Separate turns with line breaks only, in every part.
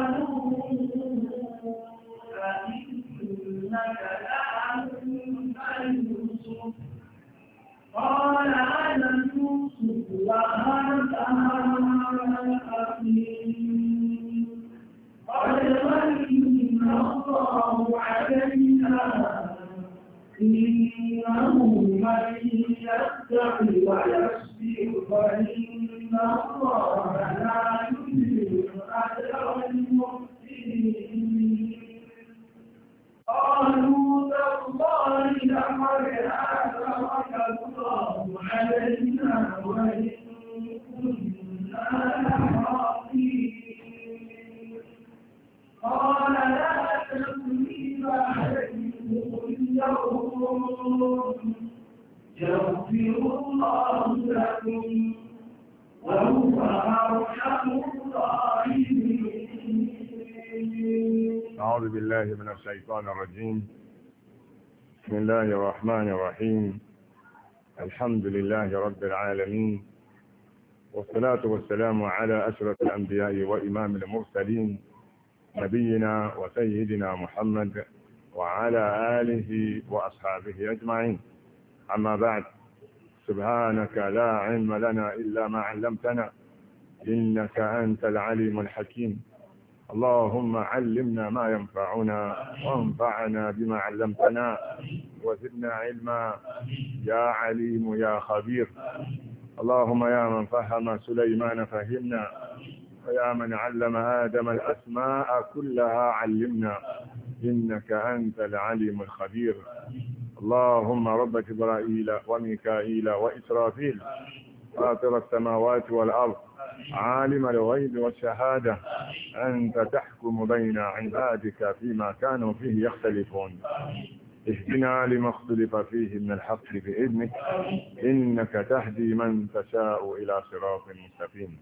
قالوا فإنك
بالله من الشيطان الرجيم بسم الله الرحمن الرحيم الحمد لله رب العالمين والصلاة والسلام على أشرف الأنبياء وإمام المرسلين نبينا وسيدنا محمد وعلى آله وأصحابه أجمعين أما بعد سبحانك لا علم لنا إلا ما علمتنا إنك أنت العليم الحكيم اللهم علمنا ما ينفعنا وانفعنا بما علمتنا وزدنا علما يا عليم يا خبير اللهم يا من فهم سليمان فهمنا ويا من علم آدم الأسماء كلها علمنا إنك أنت العليم الخبير اللهم رب جبرائيل وميكائيل وإسرافيل فاطر السماوات والأرض عالم الغيب والشهادة أنت تحكم بين عبادك فيما كانوا فيه يختلفون اهدنا لما اختلف فيه من الحق بإذنك إنك تهدي من تشاء إلى صراط مستقيم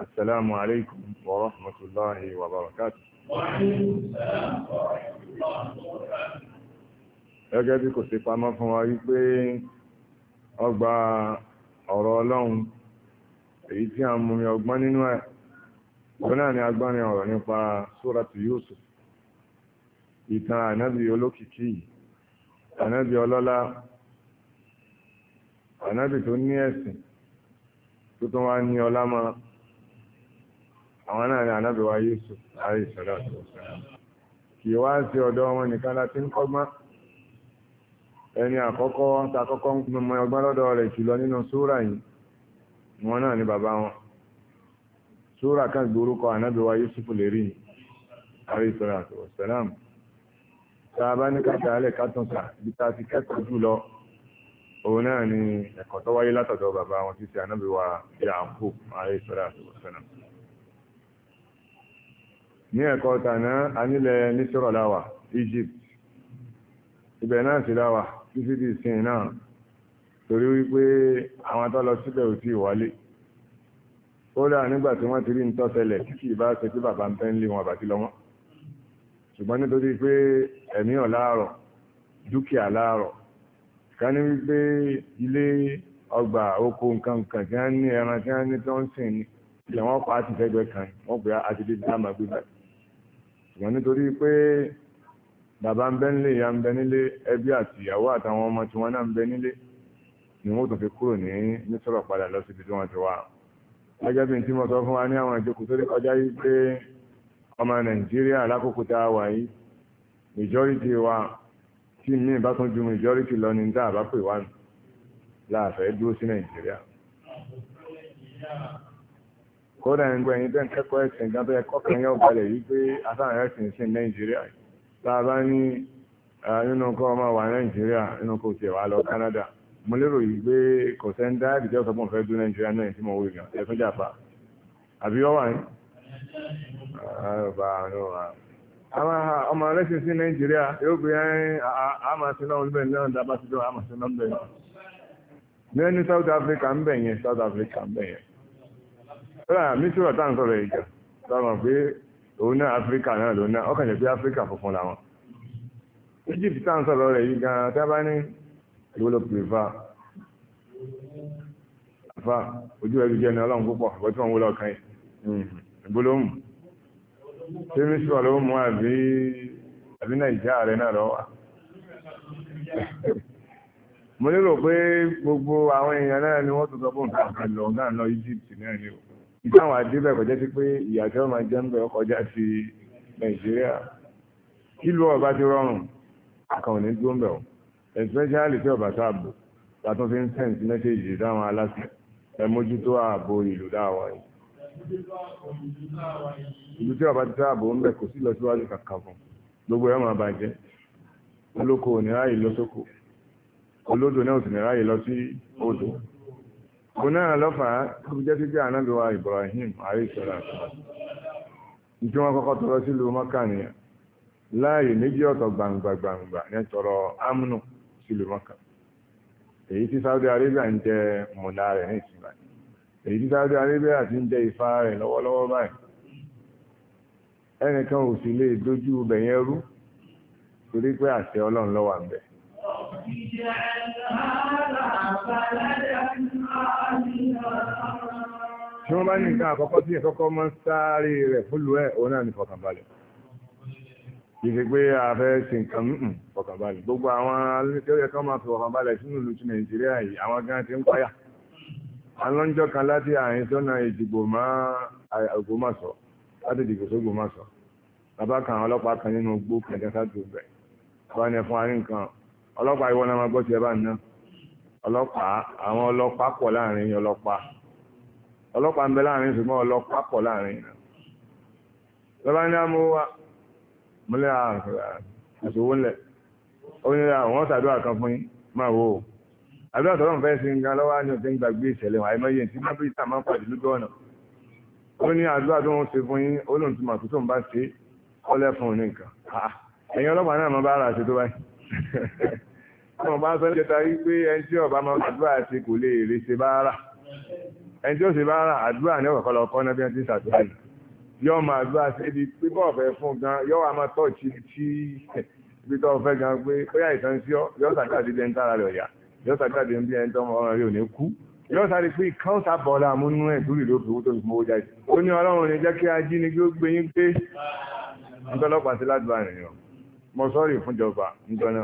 السلام عليكم ورحمة الله وبركاته وعليكم السلام ورحمة الله
وبركاته
gẹ́gẹ́ استقامة kò sí ọ̀rọ̀ ọlọ́run èyí tí a mú mi ọgbọ́n nínú ẹ̀ òun náà ni agbọ́nrin ọ̀rọ̀ nípa Suratu Yusuf ìtàn ànábì olókìkí ànábì ọlọ́lá ànábì tó ní ẹ̀sìn tó tó wá ní ọlá mọ́ àwọn náà ni ànábì wa Yusuf alayhi salatu wassalam kì í wá sí ọ̀dọ̀ wọn nìkan láti ń kọ́gbọ́n ẹni àkọ́kọ́ ta kọ́kọ́ ń mọ ọgbọ́n lọ́dọ̀ rẹ̀ jùlọ nínú súrà yìí wọn náà ni bàbá wọn súrà kan gbórúkọ ànábì wa Yusuf lérí alayhi salatu wassalam sábà ní káta alẹ́ kátùnkà bí ta ti kẹ́kọ̀ọ́ jùlọ òun náà ni ẹ̀kọ́ tó wáyé látọ̀dọ̀ bàbá wọn ti ṣe títí di ìsìn náà torí wípé àwọn tó lọ síbẹ̀ ò tí ì wálé kódà nígbà tí wọ́n ti rí nítọ́sẹlẹ̀ tí kì í bá ṣe tí bàbá ń pẹ́ ń lé wọn àbàtí lọ́mọ́ ṣùgbọ́n nítorí pé ẹ̀mí ọ̀ láàrọ̀ dúkìá láàrọ̀ ká ní wípé ilé ọgbà oko nǹkan nǹkan tí wọ́n ní ẹran tí wọ́n ní tó ń sìn ní ilẹ̀ wọn pa á ti fẹ́gbẹ́ kan wọ́n pè á ti dé dáàmà gbígbà ṣùgbọ́n nítorí pé bàbá ń bẹ nílé ìyá ń bẹ nílé ẹbí àti ìyàwó àtàwọn ọmọ tí wọ́n náà ń bẹ nílé ni wọ́n tún fi kúrò ní nítorọ̀ padà lọ síbi tí wọ́n ti wá gẹ́gẹ́ bí tí mo sọ fún wa ní àwọn ìjókòó tó rí kọjá yìí pé ọmọ nàìjíríà lákòókò tá a wà yìí majority wa tí mi bá tún ju majority lọ ní dáàbá pè wá nù láàfẹ́ dúró sí nàìjíríà kódà ń gbẹ̀yìn tẹ́ ń kẹ́kọ̀ọ́ ẹ̀sìn gan tó yẹ kọ́kàn yóò balẹ̀ tàbá ní nínú kọ́ ọmọ wà nàìjíríà nínú kò tiẹ̀ lọ Canada mo lérò yìí pé kò sẹ́ńdá ìdíjọ́ sọ fún ọ̀fẹ́ dún nàìjíríà náà tí mo wí gan ẹ̀fún jàpá àbí ọwà ní. ọmọ ẹlẹ́sìn sí nàìjíríà yóò gbé náà níbẹ̀ náà sí náà náà níbẹ̀ náà. South Africa ń South Africa ń ó rà mí òun náà áfíríkà náà lòun náà ọkàn jẹ́ pé áfíríkà funfun làwọn egypt tá à ń sọ̀rọ̀ rẹ̀ yìí gan-an a bá ní ìwé ló pèfà àfà ojú ẹ̀rí jẹ́ ní ọlọ́run púpọ̀ ọ̀pọ̀ tí wọ́n wó lọ́ọ̀kan yìí ìgbólóhùn tí mi sọ ló mú àbí àbí nàìjíríà rẹ̀ náà lọ́wọ́ mo lérò pé gbogbo àwọn èèyàn náà ni wọ́n tó sọ fún nǹkan àlọ́ náà egypt náà ni o ìtàwọn àdébẹ̀ kọjá sí pé ìyà tí wọ́n máa jẹ́ ń bẹ̀ ọkọjá ti nàìjíríà ìlú ọba ti rọrùn àkàwọn ní tó ń bẹ̀ ọ́ especially tí ọba sáàbò látún fi ń send message dáwọn aláṣẹ ẹ mójútó ààbò ìlú dáwọn
yìí
ìlú tí ọba ti sáàbò ń bẹ̀ kò sí lọ́síwájú kàkà fún gbogbo ẹ̀ máa bàjẹ́ olóko ò ní ráàyè lọ sóko olódò náà ò sì ní ráàyè lọ sí odò kò náà lọ́fàá tó Ibrahim gbangba gbangba èyí Saudi Arabia ń jẹ mọ̀nà rẹ̀ ní ìsinmi èyí tí Saudi Arabia ti ń jẹ rẹ̀ lọ́wọ́lọ́wọ́ báyìí ẹnìkan ò Ṣé wọ́n bá ní nǹkan àkọ́kọ́ tí ẹ̀kọ́kọ́ máa ń sáré rẹ̀ fúlù ẹ̀ òun náà ní fọkànbalẹ̀. Ìṣe pé ààfẹ́ ṣe nǹkan mú fọkànbalẹ̀. Gbogbo àwọn alẹ́kẹ́rẹ́ kan máa fi fọkànbalẹ̀ sínú ìlú ti Nàìjíríà yìí, àwọn gan ti ń páyà. Alọ́njọ́ kan láti àárín sọ́nà ìdìbò Ògbómọ̀ṣọ́, láti ìdìbò sógbómọ̀ṣọ́. Bàbá kan ọlọ́pàá kan nínú gbó kẹ̀kẹ́ sáà ọlọ́pàá ìwọ náà máa gbọ́ sí ẹ bá ń ná ọlọ́pàá àwọn ọlọ́pàá pọ̀ láàrin ọlọ́pàá ọlọ́pàá ń bẹ láàrin ṣùgbọ́n ọlọ́pàá pọ̀ láàrin náà lọ́ba ní àmú wa múlẹ̀ àṣòwò ńlẹ̀ ó ní àwọn ṣàdúrà kan fún yín máa wò ó àdúrà tọ́lọ́mù fẹ́ sí nǹkan lọ́wọ́ ní ọ̀tẹ́ ń gbàgbé ìṣẹ̀lẹ̀ wọn àìmọye tí mábìlítà máa ń pàdé lójú ọ̀nà ó ní àdúrà tó ń ṣe fún yín ó lóun ti màkútó ń bá ṣe ọlẹ́fun nìkan ẹ̀yin ọlọ́pàá náà máa bá ara ṣe tó báyìí wọ́n bá sọ níjẹta wípé ẹni tí ọba máa gbàdúrà ṣe kò lè rí ṣe bá rà ẹni tí ó ṣe bá rà àdúrà ní ọ̀kọ̀ọ̀kọ̀ lọ́kọ́ náà bí wọ́n ti ṣàtúrà yìí yóò máa àdúrà ṣe ibi pípọ̀ ọ̀fẹ́ fún gan yóò wá máa tọ̀ tí tí ibi tó fẹ́ gan pé ó yà ìtàn sí ọ yóò sàdúrà dé ẹni tára rẹ̀ ọ̀yà yóò sàdúrà dé bí ẹni tó ọmọ ọ̀rọ̀ rẹ̀ ò ní kú yóò sáré pé káńtà bọ̀ọ̀lá àmúnú ẹ̀ tó rí lóògùn tó fi mọ́ jáde ó ní ọlọ́run ní jẹ́ kí ajínigbé ó gbé yín gbé ń tọ́lọ́pàá sí ládùúgbò àrìnrìn mo sọ́rí fúnjọba ǹgbọ́nà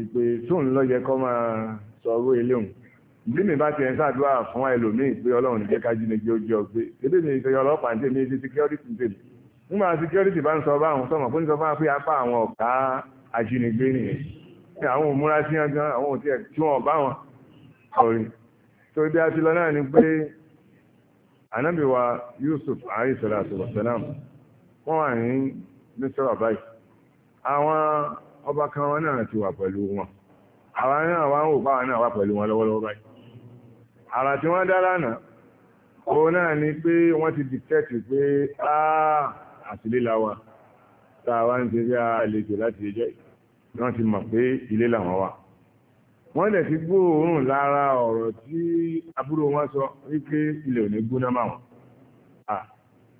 ìpè tó ń lọ́yẹ kọ́ máa sọ owó bí mi bá ti ẹ̀ ń fún ẹlòmíì pé ọlọ́run jẹ́ ká ojú ọgbẹ́ ebí mi ìṣẹ̀yọ ọlọ́pàá ń tèmi ti security ń tèmi nígbà security bá ń sọ bá àwọn sọmọ fún sọ fún wa apá àwọn ọ̀gá ajínigbé nìyẹn àwọn òmúra sí yan àwọn òtí ẹ̀ tí wọ́n bá wọn sọ̀rí tó ibi àti lọ náà ni pé anábìwa Yusuf alayhi salatu wa salam wọ́n wà ní mísọ́rọ̀ báyìí àwọn ọba kan wọn náà ti wà pẹ̀lú wọn àwọn náà wá ń wò báwọn náà wà pẹ̀lú wọn lọ́wọ́lọ́wọ́ báyìí àrà tí wọ́n dá lánàá òun náà ni pé wọ́n ti dìtẹ́tì pé áà àtìléla wa tá a wá ń ṣe bí àlejò láti ẹjọ́ wọ́n ti mọ̀ pé ilé làwọn wà wọ́n lè fi gbóòórùn lára ọ̀rọ̀ tí àbúrò wọn sọ wípé ilẹ̀ ò ní gbóná máa wọn.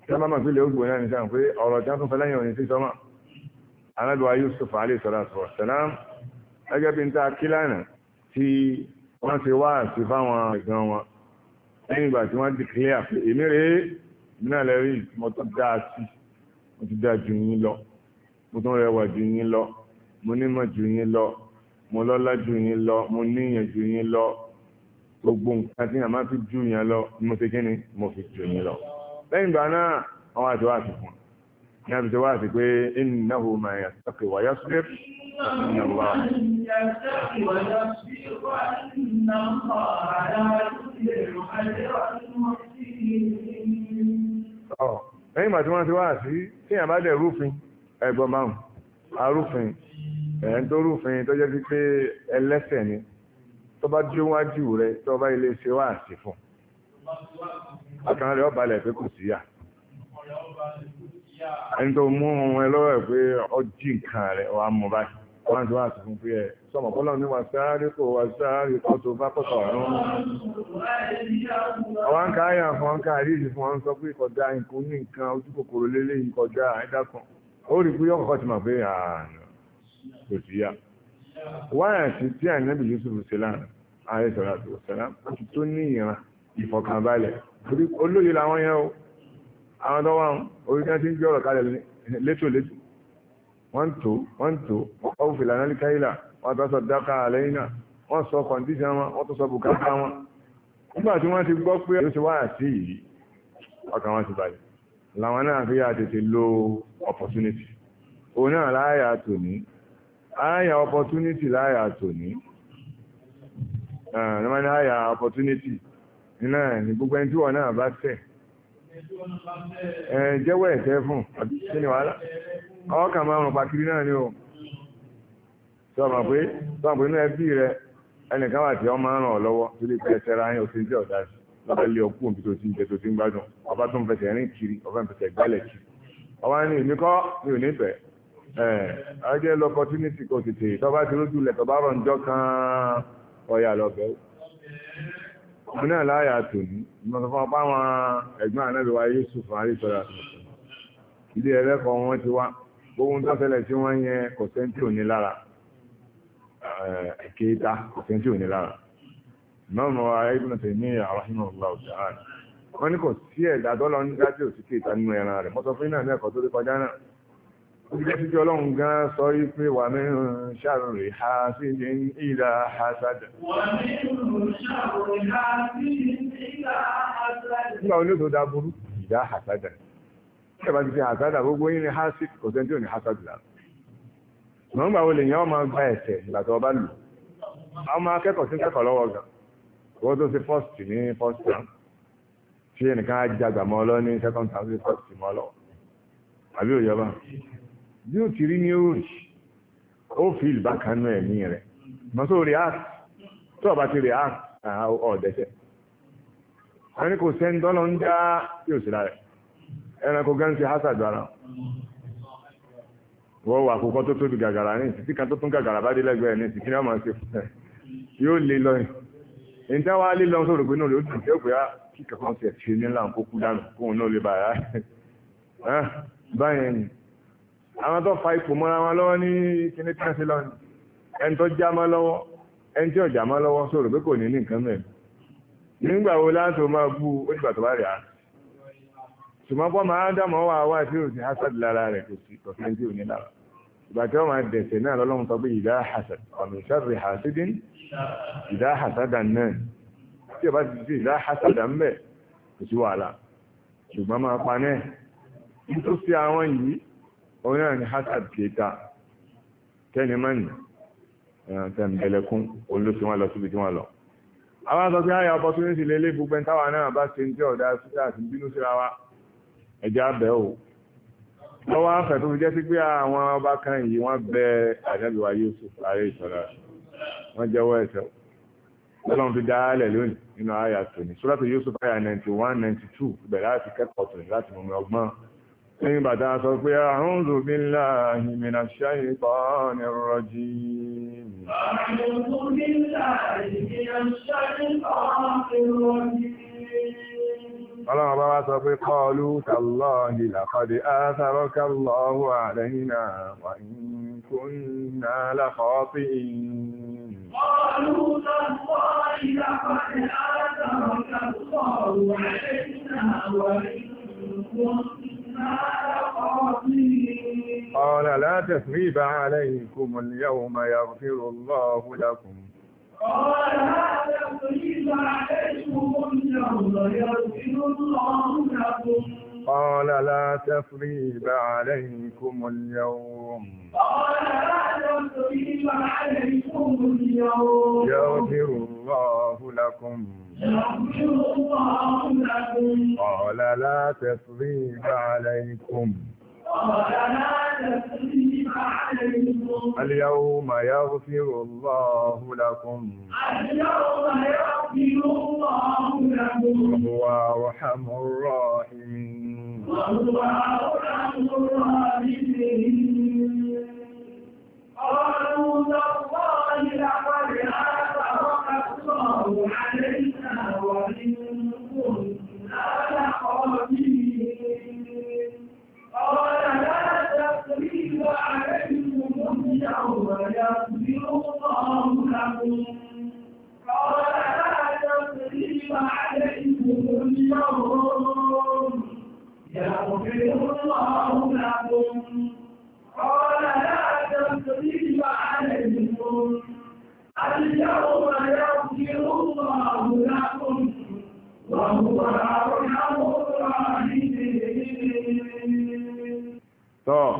tí wọ́n bá mọ̀ pé ilẹ̀ ó gbóná ní sáà pé ọ̀rọ̀ tí wọ́n tún fẹ́ lẹ́yìn òní sí sọ́mọ́ alábíwá Yusuf aléṣọ́láṣọ́ sàlám ẹgẹ́ bí n ta kílánà tí wọ́n ti wá sí fáwọn ẹ̀gbọ́n wọn lẹ́yìn ìgbà tí wọ́n ti clear pé èmi rèé náà lẹ́rí mo tó dáa sí mo ti dáa ju yín lọ mo tún rẹwà ju yín lọ mo nímọ̀ ju yín lọ mo lọ́lá ju yín lọ mo níyàn ju yín lọ gbogbo nǹkan tí a fi ju yín lọ mo ti kí ni mo fi ju yín lọ lẹ́yìn ìgbà náà àwọn àti wá sí fún un ní àbí tó wá àti pé innahu man yattaqi wa yasbir inna Allah
lẹ́yìn ìgbà
tí wọ́n ti wá sí tí àbá dẹ̀ rúfin ẹgbọ́n márùn-ún arúfin ẹ̀ ń tó rúfin tó jẹ́ sí pé ẹlẹ́sẹ̀ ni tó bá dúró wájú rẹ tó bá ilé ṣe wá sí fún ọkàn rẹ pé kò síyà ẹni tó mú ohun ẹ lọ́wọ́ ẹ̀ pé ọjí nǹkan rẹ̀ wà mú báyìí wọ́n ti wá sí fún pé ẹ sọmọ kọ́lọ̀ ní wà sáárì kò wà sáárì kọ́ tó bá pọ̀tọ̀ ọ̀run ọwọ́ ń káyà fún ọ́n káàrí fún ọ́n sọ pé kọjá nǹkan ní nǹkan ojú kòkòrò lélẹ́yìn kọjá ẹ̀dákan ó rí pé ọkọ̀ ti mọ̀ pé ààrùn kò sí yá wáyà sí tí ànábì Yusuf sẹlán ààrẹ sọ̀rọ̀ àti àwọn tó wà ń orí tí wọ́n ti ń gbé ọ̀rọ̀ kalẹ̀ létò létò wọ́n tó wọ́n tó ọ̀hún fìlà náà káyìlà wọ́n tó sọ dáká àlẹ́yìn náà wọ́n sọ kọ̀ǹdíṣàn wọn wọ́n tó sọ bùkátà wọn nígbà tí wọ́n ti gbọ́ pé ó ti wá àti yìí ọkàn wọn ti balẹ̀ làwọn náà fi yà tètè lo opportunity òun náà láàyà tòní àyà opportunity láàyà tòní ẹ̀ẹ́dẹ́gbẹ́ni àyà opportunity náà ní gbogbo ẹni tí wọ́n náà bá tẹ̀
ẹ jẹ́wọ́ ẹ̀tẹ́ fún àti kí ni wàhálà
ọwọ́ máa rùn pàkiri náà ni o sọ ma pé sọ ma pé inú ẹbí rẹ ẹnìkan wà tí ọ máa ń ràn ọ lọ́wọ́ tó lè fẹ́ ṣẹra yín òsín jẹ́ ọ̀dà sí lọ́bẹ̀ lé ọkú òbí tó ti ń jẹ tó ti ń gbádùn ọba tó ń fẹsẹ̀ rìn kiri ọba ń fẹsẹ̀ gbálẹ̀ kiri ọba ní èmi kọ́ mi ò ní bẹ̀ ẹ̀ ọjọ́ lọ opportunity kò tètè tọ́ba ti rójú lẹ̀ tọ́ba rọ̀ ń jọ́ kan ọ̀yà lọ́bẹ̀ òun náà láyà tò ní ìmọ̀sọ̀fún apá wọn ẹ̀gbọ́n ànábìwá Yusuf àríṣọ́ra ilé ẹlẹ́kọ̀ọ́ wọn ti wá gbogbo tó fẹ́lẹ̀ tí wọ́n yẹn kò sẹ́ńtì òní lára kéta kò sẹ́ńtì òní lára mọ́mọ́ ibùdó tẹ̀ ní àwáhìmọ̀lá ọ̀sán wọ́n ní kò sí ẹ̀dá dọ́lọ́ ní dájú òsì kéta nínú ẹran rẹ̀ mọ́tò fún iná ní ẹ̀kọ́ tó dé kọjá náà ìjẹ́ títí ọlọ́run gan sọ wípé wà mẹ́rin ṣàrùn rẹ̀ ha sí ní ìlà hasada. nígbà wọn ní tó dáburú ìdá hasada ní ẹ̀bá ti fi hasada gbogbo yìí ni hasid kò sẹ́ńtì ò ní hasada lára mọ̀ nígbà wọn lè yàn ọmọ gba ẹ̀sẹ̀ ìgbàtọ̀ ọba lù ọmọ akẹ́kọ̀ọ́ sí wọ́n tó ṣe àbí òyọ́bà dị ó ti rí ní orí ó e ìbákanú maso rẹ̀ mọ́tò react tó ọba ti react ọ̀dẹ̀ṣẹ̀ wọ́n ní kò sẹ́ni tọ́lọ́ ń dá yóò sí lára ẹranko gan ti hásàdù ara wọ́n wà àkókò tó tóbi gàgàrà ní ìsìtí kan tó yóò lè lọ yìí èyí tí wọ́n lọ sọ̀rọ̀ pé ah, náà lè ti àwọn tó fa ipò mọ́ra wọn lọ́wọ́ ní kíní tẹ́ǹsì lọ́nà ẹni tó já mọ́ lọ́wọ́ ẹni tí ọ̀já mọ́ lọ́wọ́ sọ̀rọ̀ pé kò ní ní nǹkan mẹ́rin nígbà wo láti máa bú onígbà tó bá rí a ṣùgbọ́n pọ́ máa dámọ̀ wà wá tí ò hasad lára rẹ̀ kò sí ọ̀sẹ̀ tí ò ní lára ìgbà tí wọ́n máa dẹ̀sẹ̀ náà lọ́lọ́run sọ pé ìdá hasad ọ̀nà ìṣàrẹ̀ hasidin ìdá hasada náà tí o bá ti sí ìdá hasada ń kò sí wàhálà ṣùgbọ́n máa pa náà nítorí àwọn yìí òun náà ni hasad kìíta tẹ́ni mọ́nì eh, tẹ̀m̀bẹ̀lẹ̀kún òun ló ṣe wọ́n lọ síbi tí wọ́n lọ àwọn sọ pé àyà opportunity lélé gbogbo táwa náà bá ṣe ń jẹ́ ọ̀dá síta àti bínú síra wa ẹ̀jẹ̀ abẹ́ o lọ́wọ́ afẹ́ tó fi jẹ́ sí pé àwọn ọba kan yìí wọ́n bẹ àdábìwá Yusuf ààrẹ ìṣọ̀rọ̀ wọ́n jẹ́wọ́ ẹ̀ṣẹ̀ lọ́lọ́run fi dá alẹ̀ lónìí nínú àyà tòní sọ́dọ̀ tó Yusuf àyà 91 92 bẹ̀rẹ̀ láti kẹ́kọ̀ọ́ tòní láti lẹ́yìn bàtà sọ pé a'udhu billahi minash shaytanir rajim
a'udhu billahi minash shaytanir rajim
ọlọ́run bá wá sọ pé qalu tallahi laqad atharaka Allahu alayna wa in kunna la khati'in
qalu tallahi laqad atharaka Allahu alayna wa in kunna قال
لا تثريب عليكم اليوم يغفر الله لكم
قال لا تثريب عليكم اليوم يغفر الله لكم
قال لا تفريب عليكم اليوم قال يغفر الله لكم
يغفر الله لكم
قال لا تفريب عليكم اليوم يغفر الله لكم
اليوم يغفر الله لكم
وهو أرحم الراحمين وهو أرحم
الراحمين قالوا تالله لقد آثرك الله علينا وإن كنا لخاطئين
eeaụ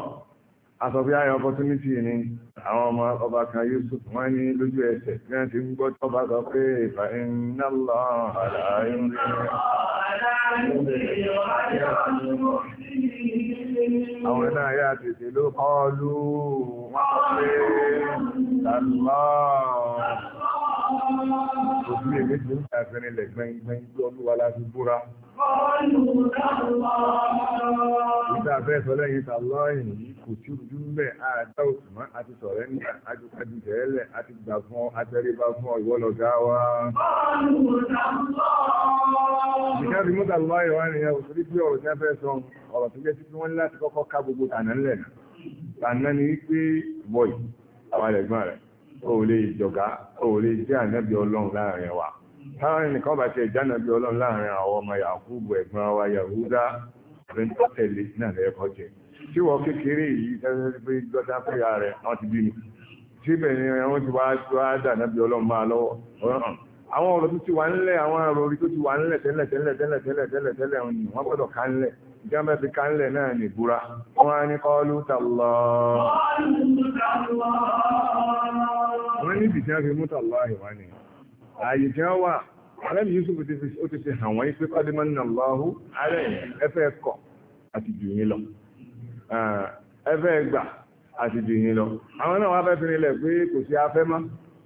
asọ̀fí ayé opportunity ni àwọn ọmọ ọba kan Yusuf wọ́n ní lójú ẹsẹ̀ bí wọ́n ti ń gbọ́ tọ́ba sọ pé ìfà iná lọ àlàyé ń àwọn náà yá tètè ló kọ́ lù wọ́n pé tàlọ́ọ̀
Òbí
lè méjì ń ta fẹ́rin lẹ̀ gbẹ̀ngbẹ̀ng tí olúwa la fi búra. Ìta fẹ́ sọ lẹ́yìn ta lọ́yìn yìí kò tí ojú ń bẹ̀ àádá òsùn mọ́ àti sọ̀rẹ́ ní àjùkájú tẹ́lẹ̀ àti gbà fún ọ àtẹríba fún ọ ìwọ lọ̀gá wa. Ìjá fi múta lọ́yìn wá nìyẹn òṣèlú pé ọ̀rọ̀ tí wọ́n fẹ́ sọ ọ̀rọ̀ tó jẹ́ sí pé wọ́n ní láti kọ́kọ́ ká gbogbo tànà ńlẹ̀. Tànà ni wípé bọ́ì àwọn ẹ̀gbọ́n rẹ̀ ó lè jọ̀gá jẹ́ ànábì ọlọ́run láàrin wa táwọn ẹnìkan bá ti ẹ̀já ọlọ́run láàrin àwọn ọmọ Yakubu ẹ̀gbọ́n wa Yahuda rẹ̀ntọ́tẹ̀lé náà lẹ́ẹ̀kọ́ jẹ tí wọ́n kékeré yìí tẹ́lẹ̀ pé gbọ́dá pé ààrẹ wọ́n ti bí mi síbẹ̀ ni wọ́n ti wá tó á ọlọ́run máa lọ́wọ́ àwọn ọ̀rọ̀ tó ti wà ńlẹ̀ àwọn àròrí tó ti wà ńlẹ̀ tẹ́lẹ̀ tẹ́lẹ̀ tẹ́lẹ̀ tẹ́lẹ̀ tẹ́lẹ̀ jẹ́mẹ́ fi kánlẹ̀ náà ní búra wọ́n á ní kọlu tàlọ́ wọ́n ní ìdíjẹ́ fi mú tàlọ́ àìwá ni ààyè jẹ́ wà alẹ́mì Yusuf ó ti fi hàn wọ́n pé kọ́dímọ́ ní aláhù ẹfẹ́ kọ̀ ẹfẹ́ gbà àti jù yín lọ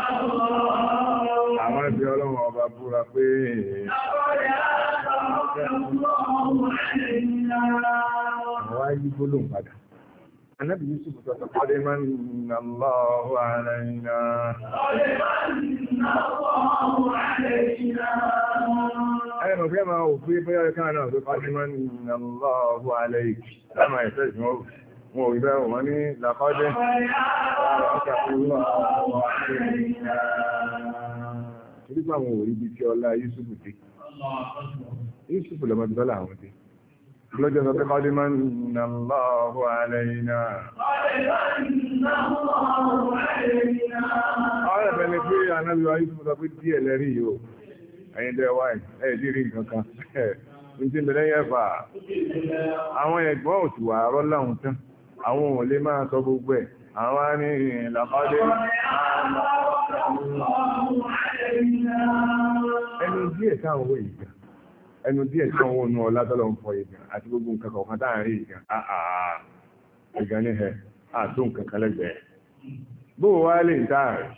Àwọn ẹbí ọlọ́run ọba
búra pé àwọn ayé gbólóhùn padà. Anábì Yusuf tọ́tọ̀ kọ́dé máa ń nà lọ́wọ́ ara iná. Ẹnu fẹ́ máa wò pé bóyá ọ̀kan náà tó kọ́dé máa ń nà lọ́wọ́ ara ìkì. Láàmà ẹ̀fẹ́ ìfẹ́ òfin wọn ò ìbẹ̀rẹ̀ wọn ní làkọ́dẹ́ torípa àwọn òrí bí tí ọlá Yusufu dé Yusufu lọ́mọ bí lọ́la àwọn dé lọ́jọ́ sọ pé kọ́dé máa ń nà lọ́wọ́ alẹ́ iná
ọ̀rẹ́ bẹ̀rẹ̀ pé
anábíwá Yusufu sọ pé díẹ̀ lẹ́rí yóò ẹ̀yẹ́dẹ́ wáyé ẹ̀ẹ́dẹ́ rí nǹkan kan ní ti mẹ́lẹ́yẹ̀fà àwọn ẹ̀gbọ́n òtùwà rọ́láhùn tán àwọn òun lè máa sọ gbogbo ẹ̀ àwọn ní ìlàpádé ẹnu díẹ̀ táwọn owó ìgbà ẹnu díẹ̀ tí wọ́n nú ọlá tọ́lọ ń fọ ìgbà àti gbogbo nǹkan kọ̀ọ̀kan táàrin ìgbà ìgbà ní ẹ àtó nǹkan kan lẹ́gbẹ̀ẹ́ wá lè táàrin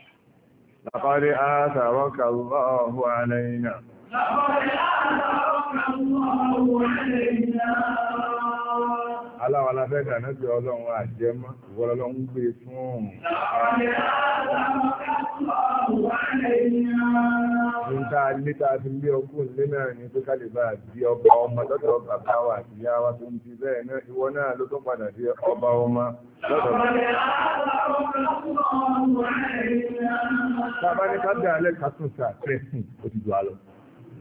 làpádé àtàwọ́kà lọ́ọ̀hún alẹ́ náà
làpádé àtàwọ́kà lọ́ọ̀hún alẹ́ náà
aláwọ̀ aláfẹ́ dànábì ọlọ́run àjẹmọ́ ìwọ́lọ́lọ́run gbé e fún òun. ní ta níta ti lé ọkùn lé náà ní pé ká lè bá di ọba ọmọ lọ́dọ̀ bàbá wa àti ìyá wa tó ń ti bẹ́ẹ̀ náà ìwọ náà ló tó padà di ọba ọmọ lọ́dọ̀ bàbá ní ká dà lẹ́ka tún sà tẹ́sìn ó ti dùn á lọ.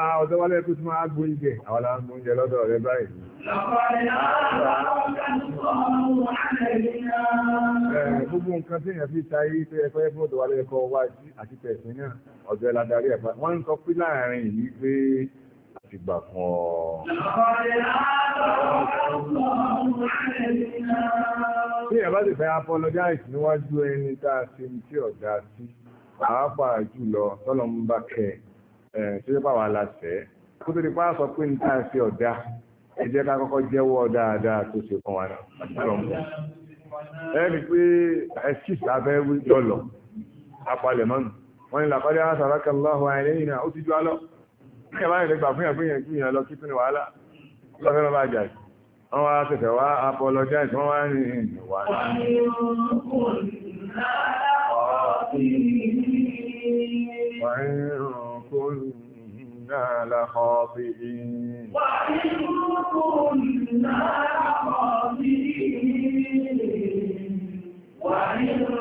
Àà ọ̀dọ́ wálé kú tí máa gbó ìgbẹ̀, àwọn aláàmú oúnjẹ lọ́dọ̀ rẹ báyìí. Eh, gbogbo nǹkan tí èèyàn fi ta yí tó yẹ pé fún ọ̀dọ̀ wálé ẹ̀kọ́ wá sí àti tẹ̀sìn náà, ọ̀dọ̀ ẹ̀ ladarí ẹ̀fà. Wọ́n ń sọ pé láàárín yìí pé fẹ́ apologize níwájú ẹni tá a ṣe tí ọ̀dà sí pàápàá jùlọ tọ́lọ̀ ń bá kẹ ṣe pàwà aláṣẹ kó tó di pa sọ pé ní táà sí ọ̀dá ẹ jẹ́ ká kọ́kọ́ jẹ́wọ́ dáadáa tó ṣe fún wa náà ẹni pé ẹ̀sì sábẹ́ wí lọ́lọ́ apalẹ̀ mọ́nù wọ́n ni làkọ́dé àṣàrákàláhùn àìlẹ́yìn náà ó ti jọ alọ́ ní ẹ̀bá ìrẹ́gbà fún ẹ̀fún yẹn kí ìyàn lọ kí fún wàhálà lọ́fẹ́ lọ́ba jà wọ́n wá ṣẹ̀fẹ̀ wá apologize wọ́n wá ní ìwà náà وإن كنا لخاطئين وإن
كنا لخاطئين وإن كنا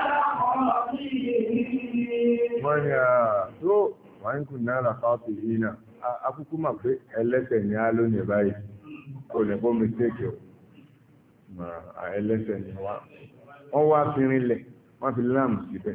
لخاطئين
ويا سوء وإن كنا لخاطئين akúkú mà pé ẹlẹ́sẹ̀ ni á lónìí báyìí kò lè bọ́ mistake o ẹlẹ́sẹ̀ ni wọ́n wá fi rinlẹ̀ wọ́n fi láàmù síbẹ̀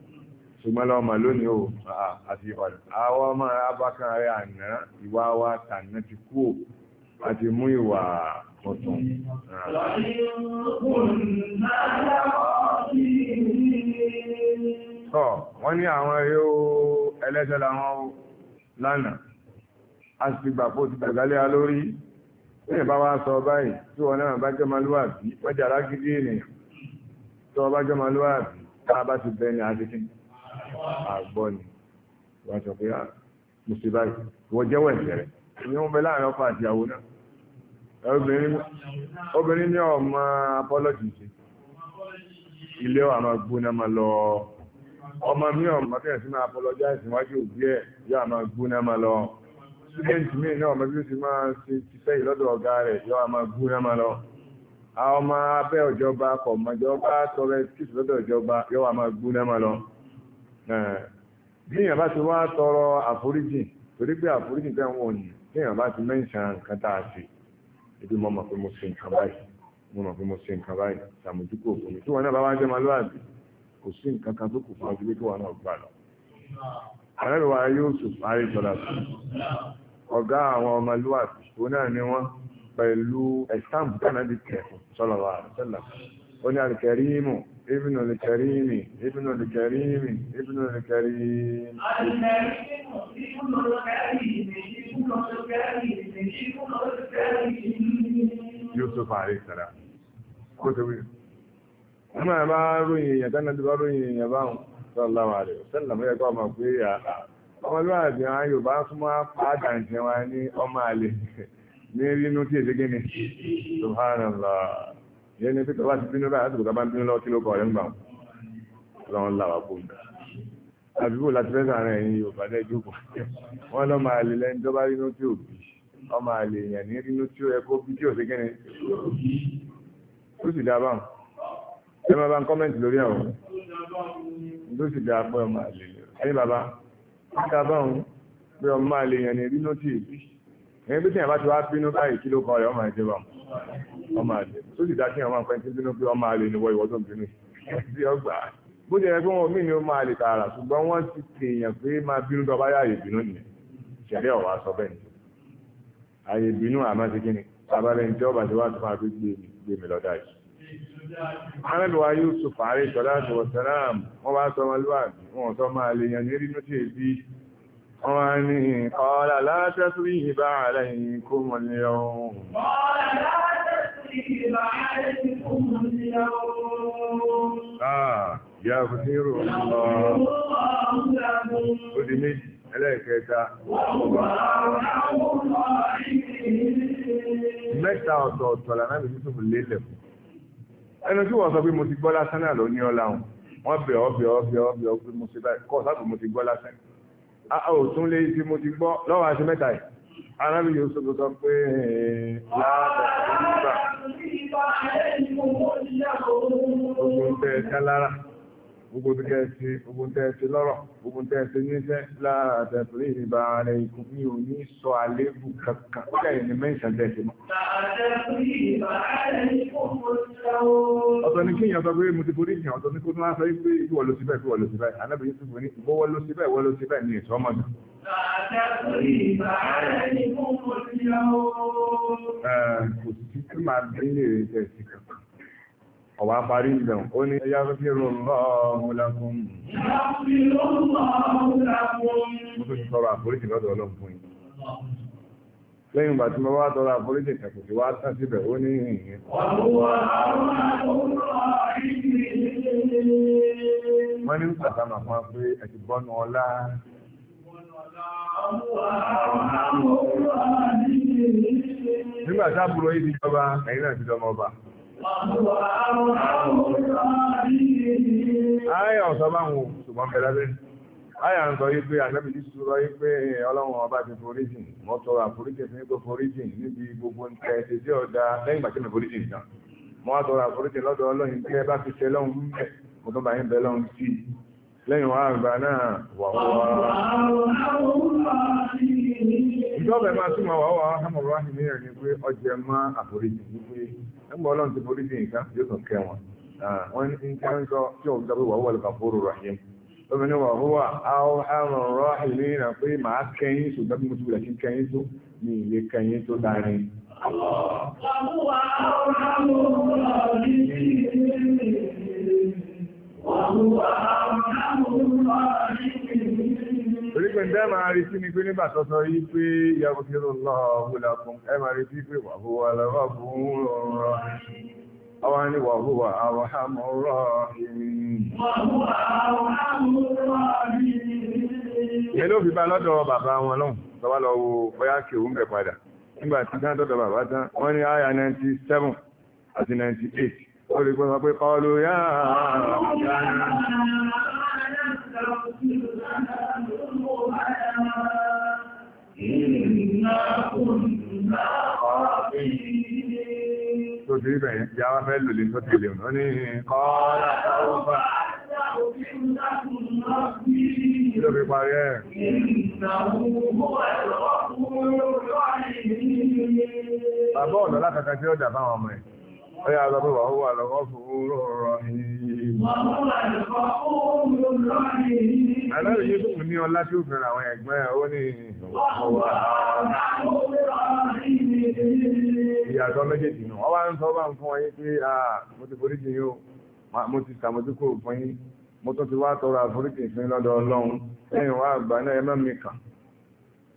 ṣùgbọ́n lọ́wọ́ mà lónìí o àti ọ̀dọ̀ àwọn ọmọ abákan rẹ̀ àná ìwà wa tàná ti kú o àti mú ìwà ọ̀tún. Tọ́ wọ́n ní àwọn yóò ẹlẹ́ṣẹ̀ làwọn lánàá a sì gbà pò ti gbàgálé a lórí lẹ́yìn bá wá sọ báyìí tí wọ́n náà bá jẹ́ malúwàbí wọ́n jẹ́ alágídí ènìyàn tí wọ́n bá jẹ́ malúwàbí tá a bá ti bẹ́ẹ̀ ni a ni àgbọ́ ni wọ́n sọ pé ah, mùsùlùmí báyìí wọ́n jẹ́wọ́ ẹ̀jẹ̀ rẹ̀ ni wọ́n bẹ láàrin ọkọ àti ìyàwó náà obìnrin ní ọmọ apọ́lọ́jì ṣe ilé wa máa gbóná máa lọ ọmọ mi ọmọ kẹ́yìn sí máa apọ́lọ́jì àìsàn wájú òbí ẹ̀ yóò máa gbóná máa lọ student mi náà ọmọ bí ó ti máa ṣe ti fẹ́ ìlọ́dọ̀ ọ̀gá rẹ̀ yóò máa gbóná máa lọ àwọn ọmọ abẹ́ ọ̀jọba kọ̀ tọrẹ tíṣù níyàn bá ti wá tọrọ àforíjì torí pé àforíjì tẹ́ ń wọ̀nyí níyàn bá ti mẹ́ǹsàn kan tá a ṣe ibi mo mọ̀ pé mo ṣe nǹkan báyìí mo mọ̀ pé mo ṣe nǹkan báyìí ṣàmójúkò fún mi tí wọn náà bá wá jẹ́ máa lóàbí kò sí nǹkan kan tó kù fún ọdún kí wọn náà gbà lọ. ààrẹ wa Yusuf àríṣọlá sí ọ̀gá àwọn ọmọlúwàbí òun náà ni wọ́n pẹ̀lú ẹ̀sán bùkánà ابن الكريم ابن الكريم ابن الكريم ابن
الكريم
يوسف عليه السلام kótewé wọ́n máa bá ròyìn èèyàn tánàdì bá ròyìn èèyàn báhùn sallallahu alaihi wasallam ẹ̀kọ́ ọmọ pé ọmọ lóàbí àwọn Yorùbá súnmọ́ pàádà ìṣẹ́ wọn ní ọmọ àlè ní rínú tí èsì gíní subhanallah ìyẹn ni pípẹ́ bá ti bínú báyìí àtìkò bá bínú lọ́wọ́ kí ló kọ̀ rẹ̀ ń gbà lọ́wọ́n làwà kó ń bẹ̀. àbíbò láti fẹ́ sàárẹ̀ yìí yorùbá dẹ́ jókòó wọ́n lọ́ máa lè lẹ́ni tó bá rí nótí òbí wọ́n máa lè yàn ní rí nótí ẹ̀kọ́ bí tí òsè kẹ́ni tó sì dá báwọn ẹ máa bá ń kọ́mẹ́ǹtì lórí ẹ̀ wọ́n tó sì dá pé ọmọ àlè ẹni bàbá ó dá báwọn pé ọmọ máa lè yàn ní rí nótí ìbí ẹni bí tí ọmọ àlè tó sì dájú àwọn àpẹẹntì bínú pé ọmọ àlè ni wọ́n ìwọ́ tó ń bínú sí ọgbà bó jẹ́ pé wọn míì ni ó tààrà ṣùgbọ́n wọ́n ti tèèyàn pé máa bínú tó bá yá àyè bínú nìyẹn ṣẹlẹ̀ ọ̀wá sọ bẹ́ẹ̀ ni àyè bínú àmọ́ ti kíni sábàlẹ̀ ní tí ọba ti wá tó máa fi gbé mi lọ́dà yìí. Arábìnrin wa Yusuf ààrẹ ìṣọ̀lá àṣọwọ̀ sẹ́lám wọ́n bá sọ ọmọlúwàbí wọ́n wá ní ọ̀la látẹ́sùn yìí bá àlẹ́ yìí kó mọ̀ ní ọ̀hún.
ọ̀la látẹ́sùn Yà
fìtírò lọ. Ó di méjì, ẹlẹ́ẹ̀kẹta. Mẹ́ta ọ̀tọ̀ọ̀tọ̀ lànà bí títù lélẹ̀ fún. Ẹnu tí wọ́n sọ pé mo ti gbọ́ lásán náà lọ ní ọlá hùn. Wọ́n bẹ̀ ọ́ bẹ̀ ọ́ bẹ̀ mo ti báyìí. Kọ́ A ò tún lé tí mo ti gbọ́ arábì yóò sọ́tọ̀ sọ pé láàbà gbogbo tí kẹ́ẹ̀sì gbogbo tẹ́ẹ̀sì lọ́rọ̀ gbogbo tẹ́ẹ̀sì níṣẹ́ láàtẹ̀fẹ̀lẹ́ ìrìnbà rẹ̀ ikú ní òní sọ àlébù kankan kẹ́yìn ní mẹ́sàn tẹ́ẹ̀sì mọ́. ọ̀tọ̀ ní kíyàn sọ pé mo ti borí ìyàn ọ̀tọ̀ ní kó tún wá sọ pé ìlú ló síbẹ̀ ìlú wọ̀ ló síbẹ̀ anábì yìí tún ní ìbó wọ́ ló síbẹ̀ wọ́ ló síbẹ̀ ní ìsọ
kò
sí kí máa bí ilé rẹ̀ tẹ̀sí kankan ọwà parí ìbẹ̀wọ̀n ó ní ẹyà fífẹ́rò lọ́ọ̀mùlákún mú tó ti tọrọ àforíjì lọ́dọ̀ ọlọ́run fún yín lẹ́yìn ìgbà tí mo wá tọrọ àforíjì kẹ̀kù tí wá tán síbẹ̀ ó ní ìyìn wọ́n ní pàtàkì máa fún wa pé ẹ ti bọ́nu ọlá nígbà tábùrọ̀ yìí ti jọba ẹ̀yìn náà ti jọba ọba
Ayà
ọ̀sọ́ bá wọn ṣùgbọ́n bẹ̀rẹ̀ bẹ́ẹ̀. Ayà ń sọ yí pé àṣẹ́bì ní ṣúrọ yí pé ọlọ́run ọba ti foríjìn, wọ́n tọrọ àforíjìn fún ipò foríjìn níbi gbogbo nǹkan ẹ̀ṣẹ̀ tí ọ̀dá lẹ́yìn gbàtí mi foríjìn tán. Mo wá tọrọ àforíjìn lọ́dọ̀ ọlọ́run tí ẹ bá fi ṣe lọ́hùn mẹ́, mo tún bá yín bẹ lọ́hùn sí i. Lẹ́yìn wá àgbà náà wà wá. Ìjọba ẹ̀ máa túmọ̀ wà wá Hámọ̀rọ̀ Áhìmí nígbà ọlọ́run ti borí sí nǹkan yóò tún kẹ́ wọn wọ́n ní nǹkan ń sọ tí òun sọ wà wọ́n lè rahim lómìnir wà wọ́n àwọn àwọn rọ́ọ̀hìn ní ìrìnà pé màá kẹ́yìn sùn dábí mo ti wùlẹ̀ sí kẹ́yìn sùn ní ilé kẹ́yìn tó dárin.
Wàhùwà
pé ǹdẹ́ máa retí ni pé nígbà tọ́tọ́ yí pé ìyàwó kí ló lọ wúlà fún ẹ máa pé wà fún wa lọ́wọ́ fún ọ̀rọ̀ àwa ni wà fún wa àwọn àmọ́ rọ̀ ìyẹn ló fi bá lọ́dọ̀ bàbá wọn lọ́hùn lọ́wọ́ pé kọ́ ló yá tó ti ibẹ̀ ìyá wá fẹ́ lòlè tó ti lè mọ́ ní kọ́ọ̀lá ọ̀fà ló fi parí ẹ̀ bàbá ọ̀nà lákàkà tí ó dà báwọn ọmọ ẹ̀ Ọya àgbà pé wà ó wà lọ́wọ́ fòórò rọ̀ Àlọ́rẹ̀ yóò tún ní ọlá tí ó fẹ́ra àwọn ẹ̀gbọ́n ẹ̀ ó ní ìwọ̀wọ̀. Ìyàtọ̀ méjèèjì nù, ọwá ń sọ bá ń fún ọyé pé àà mo ti forí jìn yóò, mo ti sàmójúkò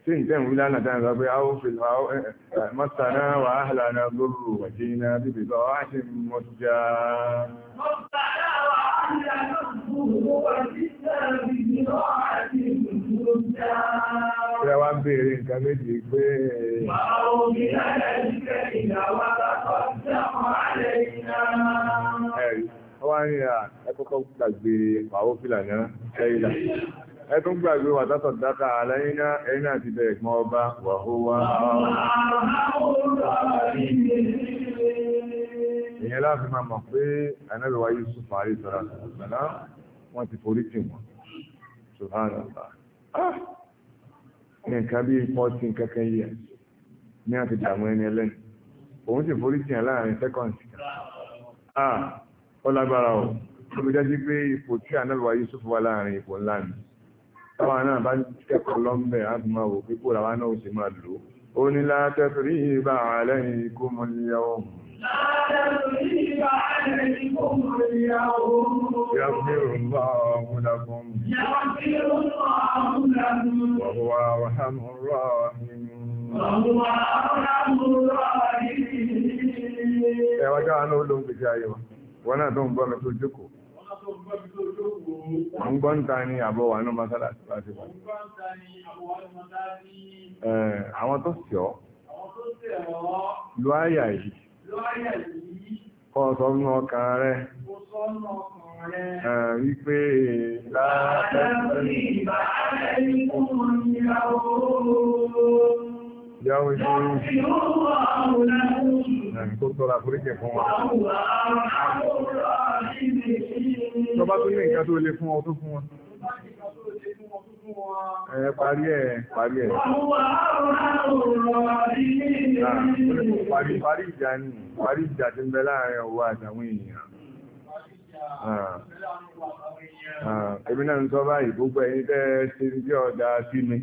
tí n tẹ́ ń wí lánàá tán lọ́pẹ́ a ó fi mọ́sàná wà áhàlànà lóru wàjí iná bíbí lọ á ṣe mọ́síjá Ìrẹwà ń bèèrè nǹkan méjì pé ẹ̀rí, ọwá ní ẹ̀kọ́kọ́ gbàgbé pàwó fìlà náà, ẹ̀rí ẹkún gbàgbé wà tátọ̀ dáta àlẹ́yìnà ẹ̀yìn àti bẹ̀rẹ̀ kan ọba wàhúwá ìyẹn láti máa mọ̀ pé ànábì wa Yusuf àrí sọ́ra ṣùgbọ́n wọ́n ti forí tì wọ́n subhanallah ah! nǹkan bí fourteen kankan yìí ní àti dààmú ẹni ẹlẹ́nu òun sì forí tì yàn láàrin sẹ́kọ̀ǹsì kan ah! ó lágbára o ó pé ipò tí ànábì wa Yusuf wà láàrin ipò ńlá táwa náà bá kẹ́kọ̀ọ́ lọ́mbẹ̀ á fi máa wò pípò làwa náà ó sì máa lò ó ní látẹ́fìrí ìbá àlẹ́ ikú mú níyà ohun يغفر الله لكم يغفر الله لكم وهو أرحم وهو
أرحم الراحمين
ẹwà jáà náà ló ń gbèsè ayé
Mo
ń gbọ́ ni àbọ̀ wà ní mọ́sálásí bá eh, Àwọn tó sì ọ́. àyà yìí. Kọ́ sọ ọkàn rẹ̀. Eh, wípé láàárẹ̀ ìbáraẹni
fún ìyàwó.
Yàwó ìlú kó tọ́ra fúríkẹ fún wa. Tọba tó ní nǹkan tó lè fún ọ tó fún wọn. Ẹ parí ẹ̀ parí ẹ̀. Parí parí ìjà ni, parí ìjà ti ń bẹ láàrin ọwọ́ àtàwọn èèyàn. Èmi náà ń sọ báyìí gbogbo ẹ̀yin tẹ́ ṣe ń jẹ́ ọ̀dà sí mi.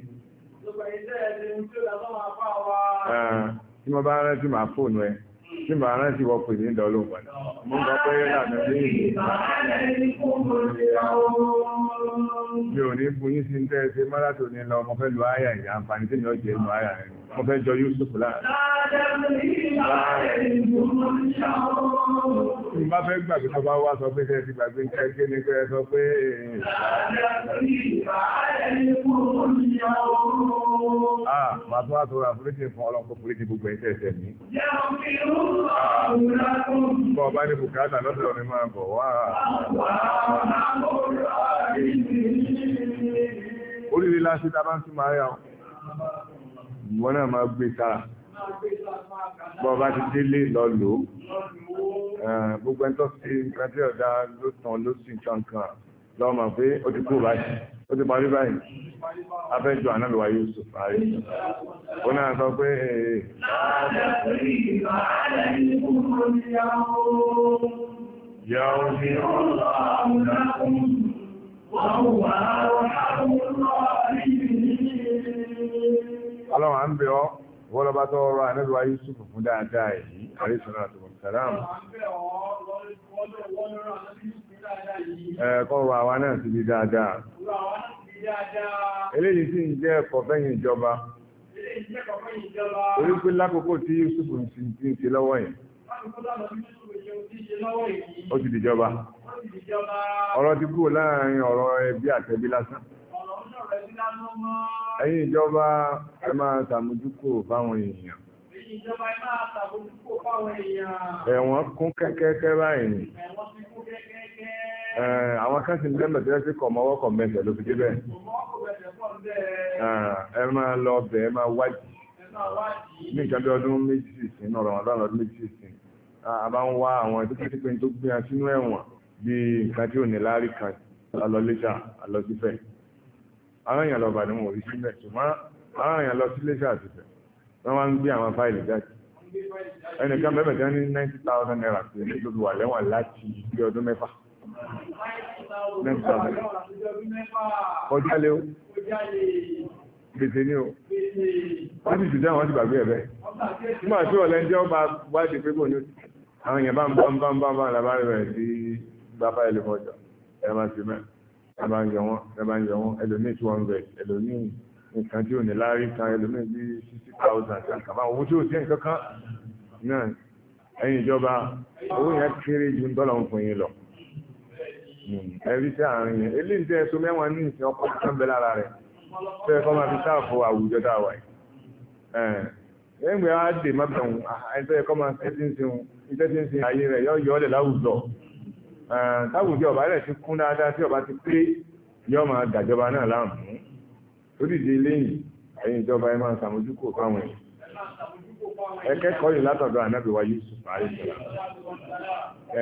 Ah, tí mo bá rántí màá fóònù ẹ tí màá rántí wọ́n pè ní ìdọ́lọ́ padà mú nǹkan pé lànà ní mi ò ní fún yín sí ń tẹ́ ṣe márátò ní lọ mo fẹ́ lu àyà ìyá àǹfààní tí mi ò jẹ́ lu àyà rẹ̀ mo fẹ́ jọ Yusuf láàrin. Mo Ah, màá tún wá tó ra fúrékì fún ọlọ́pọ̀ fúrékì gbogbo ẹ̀ṣẹ̀ ẹ̀ṣẹ̀ mi. Bọ̀ bá ní bùkátà lọ́sọ̀rọ̀ ni máa bọ̀ wá. Oríire láti dábá ń tún máa yà ọ́. Wọ́n náà máa gbé sára.
Bọ̀ bá ti délé lọ lò ó.
Gbogbo ẹni tó ṣe nǹkan ló tàn ló sì nǹkan lọ́mọ pé ó ti kú báyìí ó ti parí báyìí afẹ́jọ ànábìwá Yusuf parí ó náà sọ pé yàwó eh, ni ọ́ wọ́lọ́bá tó rọ ànábìwá Yusuf fún dáadáa yìí àríṣọ́nà àtùmọ̀ sàlámù ẹ̀ẹ̀kọ́ wà wá náà sí bí dáadáa. Eléyìí sì ń jẹ́ ẹ̀kọ́ fẹ́yìn ìjọba. Orí pé lákòókò tí Yusuf ń sin ti ń ṣe lọ́wọ́ yìí.
Ó ti dìjọba. Ọ̀rọ̀
ti kúrò láàárín ọ̀rọ̀ ẹbí àtẹbí lásán. Ẹ̀yin ìjọba ẹ máa tàmójúkò fáwọn èèyàn.
Ẹ̀wọ̀n kún kẹ́kẹ́kẹ́ báyìí ni. Àwọn
kan ti ń dẹ́mẹ̀ tẹ́lẹ̀ sí kọ̀mọ́wọ́ kọ̀mẹ́sẹ̀ ló fi dé bẹ́ẹ̀. Ẹ máa lọ bẹ̀ ẹ máa wádìí. Ní ìjọba ọdún méjì sísìn náà ọ̀rọ̀ ọ̀dọ́ ọdún méjì sísìn. A bá ń wá àwọn tó kẹ́kẹ́ pé tó gbé wọn sínú ẹ̀wọ̀n bí nǹkan tí ò ní láárí kan alọ́lẹ́sà alọ́sífẹ̀. Àwọn èèyàn lọ Ìbàdàn wò rí sílẹ̀ ṣùgbọ́n àwọn èèyàn lọ sílẹ̀ ṣàtìfẹ̀ wọ́n wá ń gbé àwọn fáìlì jáde
ẹnìkan bẹ́ẹ̀ bẹ̀rẹ̀
ní ninety thousand naira sí ẹni tó fi wà lẹ́wọ̀n láti ibi ọdún mẹ́fà
ninety thousand kọjá lé o gbèsè ní o wọ́n ti dùdú àwọn ti gbàgbé ẹ̀ bẹ́ẹ̀
nígbà tí ọ̀lẹ́ ń jẹ́ ọba wájú pé kò ní àwọn èèyàn bá ń bá ń bá ń bá ń bá ń labá rẹ̀ sí gba fáìlì fọjọ́ ẹ̀ máa ti mẹ́ ẹ̀ máa ń yọ wọ́n ẹ̀ máa ń yọ wọ́n ẹlòmíì two hundred nǹkan tí ò ní láárí kan ẹlòmíì bí sixty thousand kan kàbá owó tí ò sí nǹkan kan náà ẹ̀yin ìjọba owó yẹn kéré ju ń dọ́là òkun yìí lọ hmm, ẹ̀rí sí àárín yẹn eléyìí tẹ́ ẹ so mẹ́wàá ní ìsìn ọkọ̀ kan bẹ lára rẹ̀
tẹ́ ẹ kọ́ máa fi sáàfù
àwùjọ tá a wà yìí ẹgbẹ́ á dè má bẹ̀rù ẹ̀tọ́ ẹ̀kọ́ máa tẹ́tí ń sin ìtẹ́tí ń sin ayé rẹ̀ yọ yọ ọ́lẹ̀ láwùjọ táwùjọ ọ̀bá rẹ̀ ti kún dáadáa tí ọba ti pé yọ máa dàjọba náà láàmú ó dìde lẹ́yìn àyè ìjọba ẹ máa ṣàmójúkò fáwọn ẹ̀
ẹkẹ́kọ̀ọ́ yìí látọ̀dọ̀ ànábì wa Yusuf àyíṣẹ́lá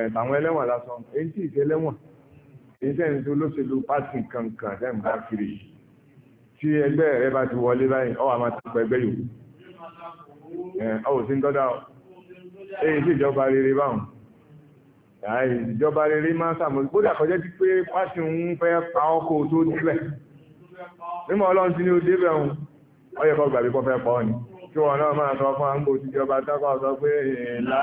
ẹ̀tàwọn ẹlẹ́wọ̀n
lásán èyí tí ìtẹ́lẹ́wọ̀n èyí tẹ́ni tó lóṣèlú pátì kankan tẹ́ ń bá kiri tí ẹgbẹ́ rẹ bá ti wọlé báyìí ọ àmà tó pẹ́ ẹgbẹ́ yòókù ọ ò sí ń tọ́jà èyí tí ìjọba rere báwọn ìjọba rere máa ń sàmójúkò kódà kọjá ti pé pátì ń fẹ́ pa ọkọ̀ tó dílẹ̀ mímọ̀ ọlọ́run ti ní ó débẹ̀ ohun ọyẹ kọ́ gbàgbé kọ́ fẹ́ pọ̀ ni kí wọ́n náà máa sọ fún àgbò ti jọba tákọ̀ sọ pé ìlà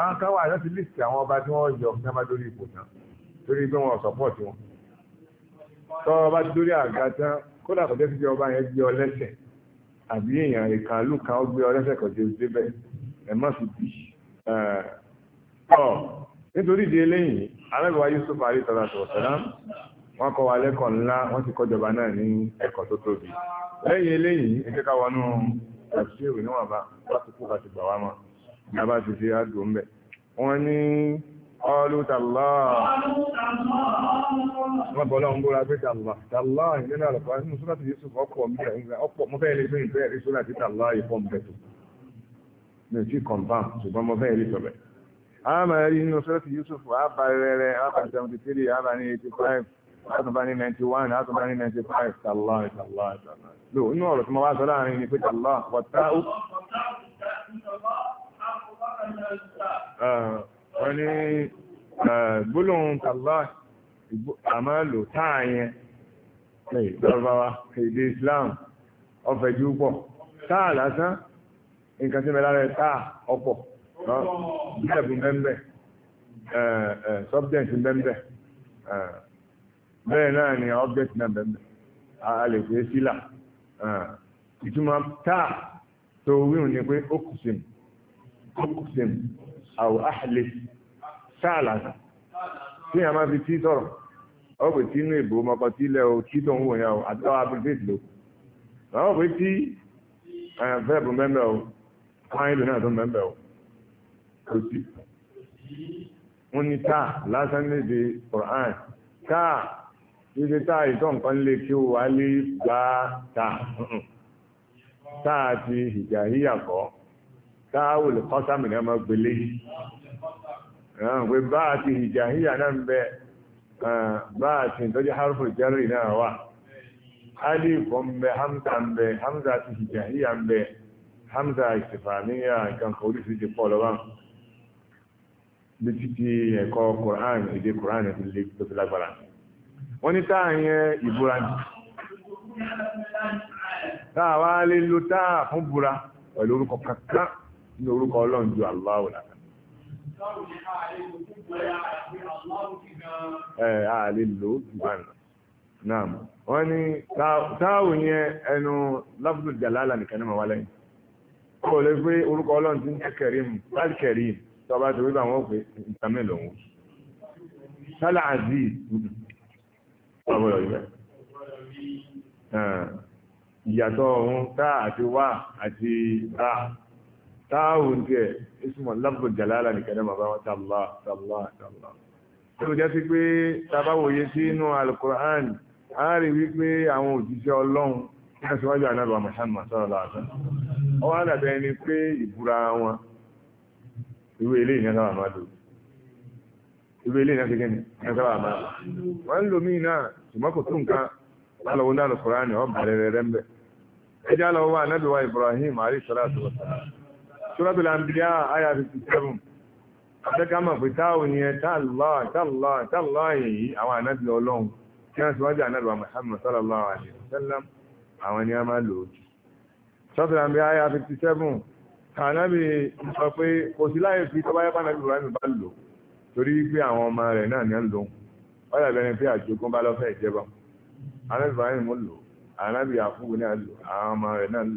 àwọn kan wà láti lísì àwọn ọba lórí pé wọ́n sọ̀pọ̀ tí wọ́n tọ́ ọba tí lórí àga tán kódà kò jẹ́ sí ọba yẹn jẹ́ ọlẹ́sẹ̀ àbí èèyàn rẹ̀ kan lù kan ó gbé ọlẹ́sẹ̀ kan tí ó débẹ̀ ẹ̀ má fi bì ọ̀ nítorí ìdí eléyìí alábìwá Yusuf alayhi salatu wa salam wọ́n kọ́ wa lẹ́kọ̀ọ́ ńlá wọ́n ti kọ́jọba náà ní ẹ̀kọ́ tó tóbi lẹ́yìn eléyìí ẹ jẹ́ ká wọnú àṣìṣe ìwé níwọ̀nba láti kú láti gbà wá mọ́ ní abá ti ṣe àdùn ń bẹ̀ wọ́n ní قالوا تالله wọ́n bọ̀ lọ́wọ́ ń bóra pé tàlá tàlá ìnínà àlọ́pàá nínú sọ́nà tí Yusuf ọ̀pọ̀ mẹ́rẹ̀ ìgbà ọ̀pọ̀ mo fẹ́ lè gbé ìfẹ́ rí sọ́nà tí tàlá ìfọ́ mẹ́tò mi ò tí kọ̀ǹfàm ṣùgbọ́n mo fẹ́ rí sọ̀bẹ̀. a máa rí nínú sọ́nà tí Yusuf àbá rẹ̀rẹ̀ àbá seventy three àbá ní eighty five àtúnbá ní ninety one àtúnbá ní ninety five tàlá tàlá tàlá. lò inú ọ̀rọ̀ tí mo wá sọ láàrin ni pé tàlá wọ́tá wọ́n ní gbólóhùn tàbá àmàlò táàyẹn lọ́rọ̀báwá èdè Islam ọ̀fẹ̀jú pọ̀ táà lásán nǹkan tí mẹ́lára táà ọ̀pọ̀ bẹ́ẹ̀bù bẹ́ẹ̀bẹ̀ subject bẹ́ẹ̀bẹ̀ bẹ́ẹ̀ náà ni object náà bẹ́ẹ̀bẹ̀ a lè pè é sílà ìtumọ̀ táà tó wíhùn ni pé ó kù sí mi àwọn àhàlẹ̀ sáàlàsà tí a máa fi tí sọ̀rọ̀ ọ̀pẹ̀ tí inú ìbò ọmọkọ tí ilẹ̀ o tí tó ń wò yẹn o àtàwọn abúlé lò àwọn ọ̀pẹ̀ tí fẹ́ẹ̀bù mẹ́mbẹ̀ o káwọn ìlú náà tó mẹ́mbẹ̀ o kò sí. wọ́n ní táà lásán léde Quran táà ibi táà ìtọ́ nǹkan lè kí o lè gbá táà táà ti hìjà híyà kọ́ táàwò lè kọ́ sáàmì ní ọmọ gbélé wọ́n bá àti ìjàhíyà náà ń bẹ bá àti ìtọ́jú harfu jarri náà wà alif ń bẹ hamza ń bẹ hamza àti ìjàhíyà ń bẹ hamza ìsìfàmíyà nǹkan kan oríṣi ti pọ̀ lọ́wọ́ bí títí ẹ̀kọ́ Qur'an èdè Qur'an ti lè tó fi lágbára wọ́n ní táà yẹn ìbúra táà wá lè lo táà fún búra pẹ̀lú orúkọ kankan ní orúkọ ọlọ́run ju Allahu lànà. ẹ àlè lò ó jù bá nà náà wọ́n ní táàwù yẹn ẹnu lábùdó jàlálà nìkan ní màwá lẹ́yìn kó o lè gbé orúkọ ọlọ́run tí ń jẹ́ kẹrìm láti kẹrìm tó bá ti wí bá wọn pé ìtàmì lòun sálà aziz ọ̀bọ̀ ìbẹ̀ ìyàtọ̀ ọ̀hún táà àti wà àti ra táàwùn tí ẹ̀ ismọ̀ lábò jàlálà nìkan náà bàbá wọn tàbá tàbá tàbá tí ó jẹ́ sí pé tàbáwòye sí inú alukur'an a rí wípé àwọn òjíṣẹ́ ọlọ́run náà síwájú ànábà Muhammad sallallahu alaihi wasallam ọ wá dàbẹ́ ẹni pé ìbúra wọn ìwé ilé ìyẹn sábà máa lò ìwé ilé ìyẹn kékeré ìyẹn sábà máa lò wọ́n ń lò mí náà ṣùgbọ́n Suratul Anbiya àyà 57 afẹ́ká mọ̀ pé táwọn yẹn tààlá tààlá tààlá èyí àwọn ànábì ọlọ́run tí wọ́n síwájú ànábì wa Muhammad sallallahu alaihi wasallam àwọn ni a máa lò ó jù Suratul Anbiya àyà 57 ànábì sọ pé kò sí láyé fi tọ́ba yẹ́pá ànábì wa bá lò torí pé àwọn ọmọ rẹ̀ náà ní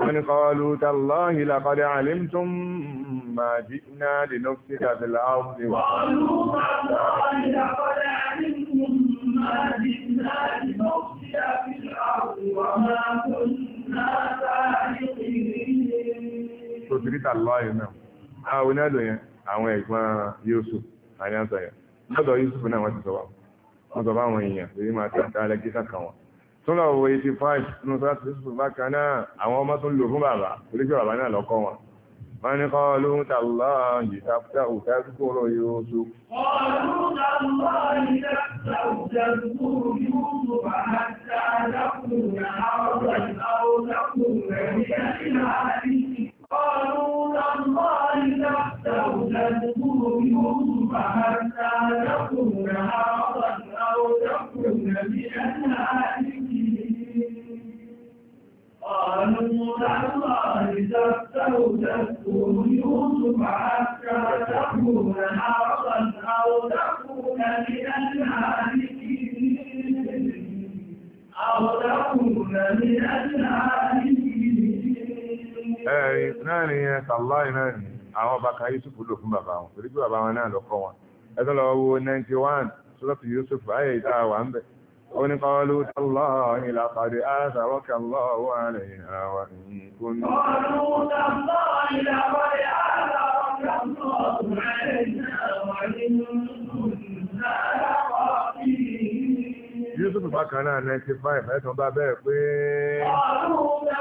من قالوا تالله لقد علمتم ما جئنا لنفسد في الأرض قالوا تالله لقد علمتم
ما جئنا لنفسد في الأرض وما كنا سارقين
تدري تالله نعم àwọn onílò yẹn àwọn ẹ̀gbọ́n Yusuf àyàntọ̀ yẹn lọ́dọ̀ Yusuf náà wọ́n ti sọ wọ́n sọ fáwọn èèyàn pé máa tẹ́ àtàlẹ́gísà kan wọn tún lọ wo eighty five nínú sọ́dọ̀ tó sùn bákan náà àwọn ọmọ tó ń lò fún bàbá torí bàbá náà lọ́kọ́ wọn. wọ́n ní kọ́ ló ń ta lọ́ yìí táfíà òkè àdúgbò yóò tó.
ọ̀rọ̀ على الله تفتروا تذكر يوسف حتى تكون حرصا أو تكون من الهالكين
أو تكون من الهالكين ẹ̀rí náà ni ẹ tàláì náà ni àwọn ọba kan Yusuf lò fún bàbá wọn torí pé bàbá wọn náà lọ kọ́ wọn ẹ lọ wo 91 sọ́dọ̀tù Yusuf ayé ìta wà ń bẹ̀ وإن قالوا تالله لقد آثرك الله علينا وإن كنا قالوا تالله لقد آثرك الله علينا
وإن كنا
Yusuf Bakana 95 ẹ̀tàn bá bẹ́ẹ̀ pé Ọlọ́run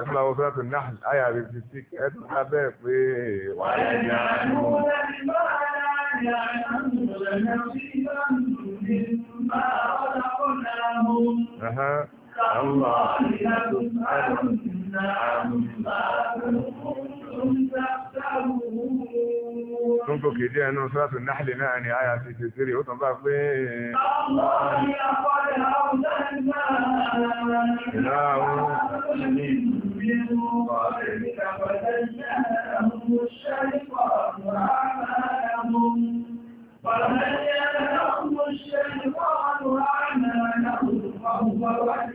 ẹ̀fúnra wọ́n fẹ́ tó náà àyà rẹ̀ fi sí ẹ̀tún abẹ́ pé wà á ní àánú. Àwọn ìlànà àrùn náà
àrùn náà Tún
tó kèdí ẹnu sọ́tún náàlì náà ni àyà ti ti tìrì, ó tún bá pé
Fàlàyé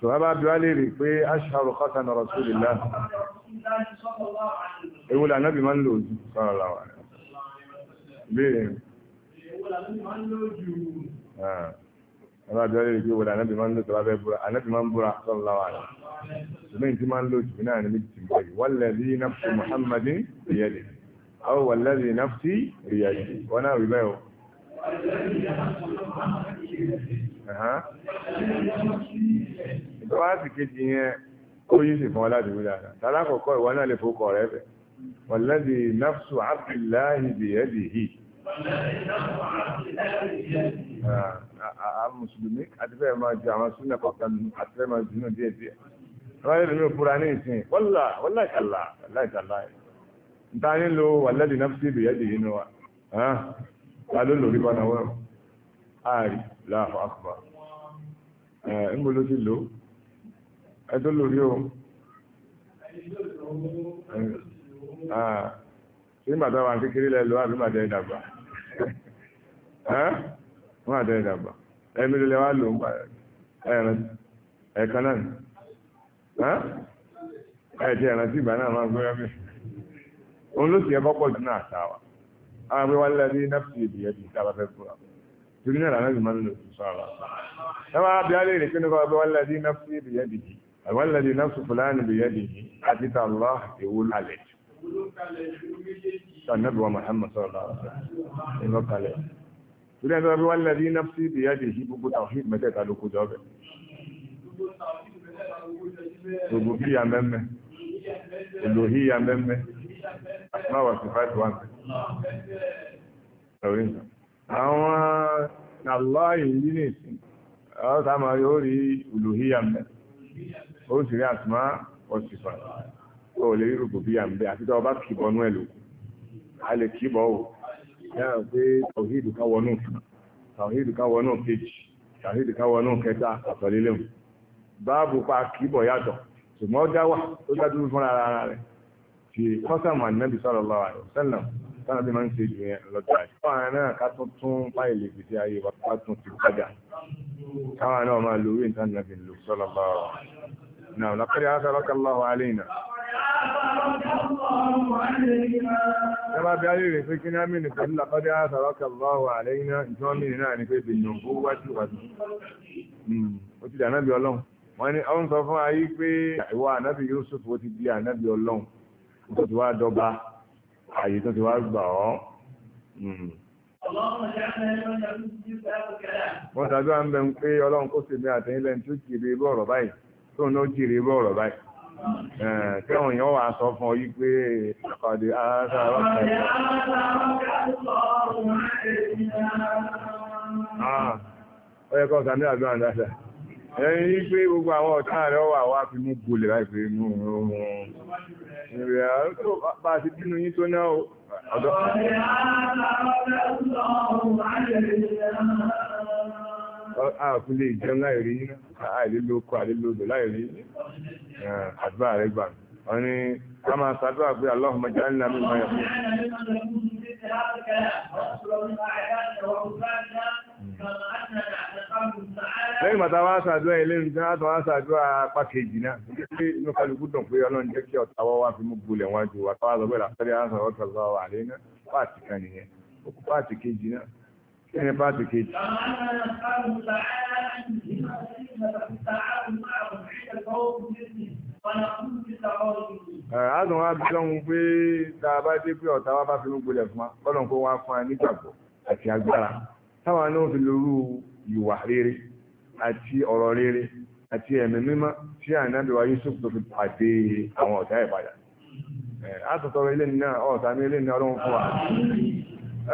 tó wá bá bí wá lè rí pé aṣáàrù kọ́sánà rasulillah ewúlà anábì máa ń lò jù sọ́rọ̀ láwà béèrè
alábí wá lè
rí pé ewúlà anábì máa ń lò tó wá bẹ́ búra anábì máa ń búra sọ́rọ̀ láwà ṣùgbọ́n tí máa ń lò jù ní méjì tí mọ́ yìí wallazi nafsi muhammadin biyadihi aw wallazi nafsi wọ́n náà rí bẹ́ẹ̀ tó wá sì kejì yẹn ó yí sì fún ọ láti wí dáadáa tàlákọ̀ọ́kọ́ ìwọ náà lè fòkọ̀ rẹ̀ fẹ̀ wọ̀lẹ́dì náfṣù abdullahi bìyẹ́dì hì mùsùlùmí àti fẹ́ máa ju àwọn súnà kọ̀ọ̀kan àti fẹ́ máa jùnú díẹ̀ díẹ̀ wọ́n dị lómi òpúra ní ìsìn wọ́lá wọ́lá ìkàlá ìkàlá ìkàlá ìta nílò wọ̀lẹ́dì náfṣù bìyẹ́dì hì nù wa ta ló lò rí bá náwó ààrí láàfà àkùbà ẹ̀ẹ́gbò ló ti lò lò rí o nígbà tó wà ń kékeré lẹ́ lo àbí màdé ìdàgbà màdé ìdàgbà ẹ̀mí lè wá lò ẹ̀rẹ̀ ẹ̀kan náà ẹ̀ẹ̀tì ẹ̀rántí ìgbà náà máa gbé ẹ̀mí òun ló sì ẹ̀kọ́ pọ̀ jù náà sáwà àwọn àgbẹ̀ wà lẹ́bí nẹ́fì ìbìyẹ ti dábà fẹ́ fúra torí náà lànà ìmọ̀ nínú ìsúsọ àrà ẹwà bí a lè rí pé nípa àgbẹ̀ wà lẹ́bí nẹ́fì ìbìyẹ ti di àwọn lẹ́bí nẹ́fì fúlàní ìbìyẹ ti di àti tàlọ́ ìwú lálẹ́ sànẹ́bí wa Muhammad sọ̀rọ̀ ìlọ kalẹ̀
asma wa sifat wa
ọ̀rìnà àwọn aláàyè ní ìsìn àwọn sáàmà yóò rí olùhíyà mẹ́ ó sì rí asma wa sifat lè rí rògbòbíyà mẹ́ àti tó bá kìbọ̀ nú a lè kìbọ̀ ó yára pé tàwíìdù ká wọnú kẹta ti kọ́sàmù ànábì sallallahu alaihi wasallam tánà bí máa ń ṣe jù yẹn lọ́jọ́ àti. káwọn àná ká tún tún fáìlì gbèsè ayé wa ká tún ti padà káwọn àná máa lo wíńtà nàbì lò sallallahu alaihi wasallam náà lápẹ́rẹ́ àṣàlọ́kà lọ́wọ́ alẹ́ ìnà. ẹ bí alẹ́ rẹ̀ pé kí ní àmìnì pẹ̀lú lápẹ́rẹ́ àṣàlọ́kà lọ́wọ́ alẹ́ ìnà ìjọ́ mìíràn náà ni pé bìnnà ó wájú wájú. ó ti dà nábì ọlọ́run wọ́n ní ọ sọ fún ayé pé ìwọ ànábì Yusuf ó ti di ànábì ọlọ́run tó ti wá dọ́gba ààyè tó ti wá gbà ọ́ hmm. wọ́n tàbí à ń bẹ̀ ń pé ọlọ́run kó sì bí àtẹ́yìnlẹ̀ tó jìrì ibú ọ̀rọ̀ báyìí tó ń jìrì ibú ọ̀rọ̀ báyìí kẹ́hùn yóò wà sọ fún ọ yí pé ọ̀dẹ̀ aráta ọ̀kẹ́ ọ̀yẹ́kọ̀ọ́ sàmì àdúrà dáadáa ẹ̀yìn yí pé gbogbo àwọn ọ̀tá rẹ̀ wà wá fi mú gbolè láì pé mú ohun ìrìn tó bá ti bínú yín tó náà ọ̀dọ́. ààfin lè jẹun láì rí yín àìlélókọ àìlélódò láì rẹ̀ gbà wọ́n ní máa ṣàdúrà pé aláhùn mọ́jà ńlá mi máa lẹ́yìn bàtà wá sàdúrà ẹlẹ́nu tí wọ́n wá sàdúrà pàkejì náà ní pé inú kálukú dùn pé ọlọ́run jẹ́ kí ọ̀tá wọ́n wá mú bulẹ̀ wọn ju wàtá wá sọ pé ọ̀tọ̀ lọ wà náà páàtì kan nìyẹn ó kú kejì náà kí ni páàtì kejì. àádùn wa bí lọ́hun pé tá a bá dé pé ọ̀tá bá fi mú bulẹ̀ fún wa lọ́dún kó wá fún wa nígbàgbọ́ àti agbára táwọn náà fi lorú ìwà rere àti ọ̀rọ̀ rere àti ẹ̀mí mímọ́ tí ànábì wa Yusuf tó fi pàdé àwọn ọ̀tá ìpadà àtọ̀tọ̀rọ̀ ilé náà ọ̀tá ní ilé náà ọlọ́run fún wa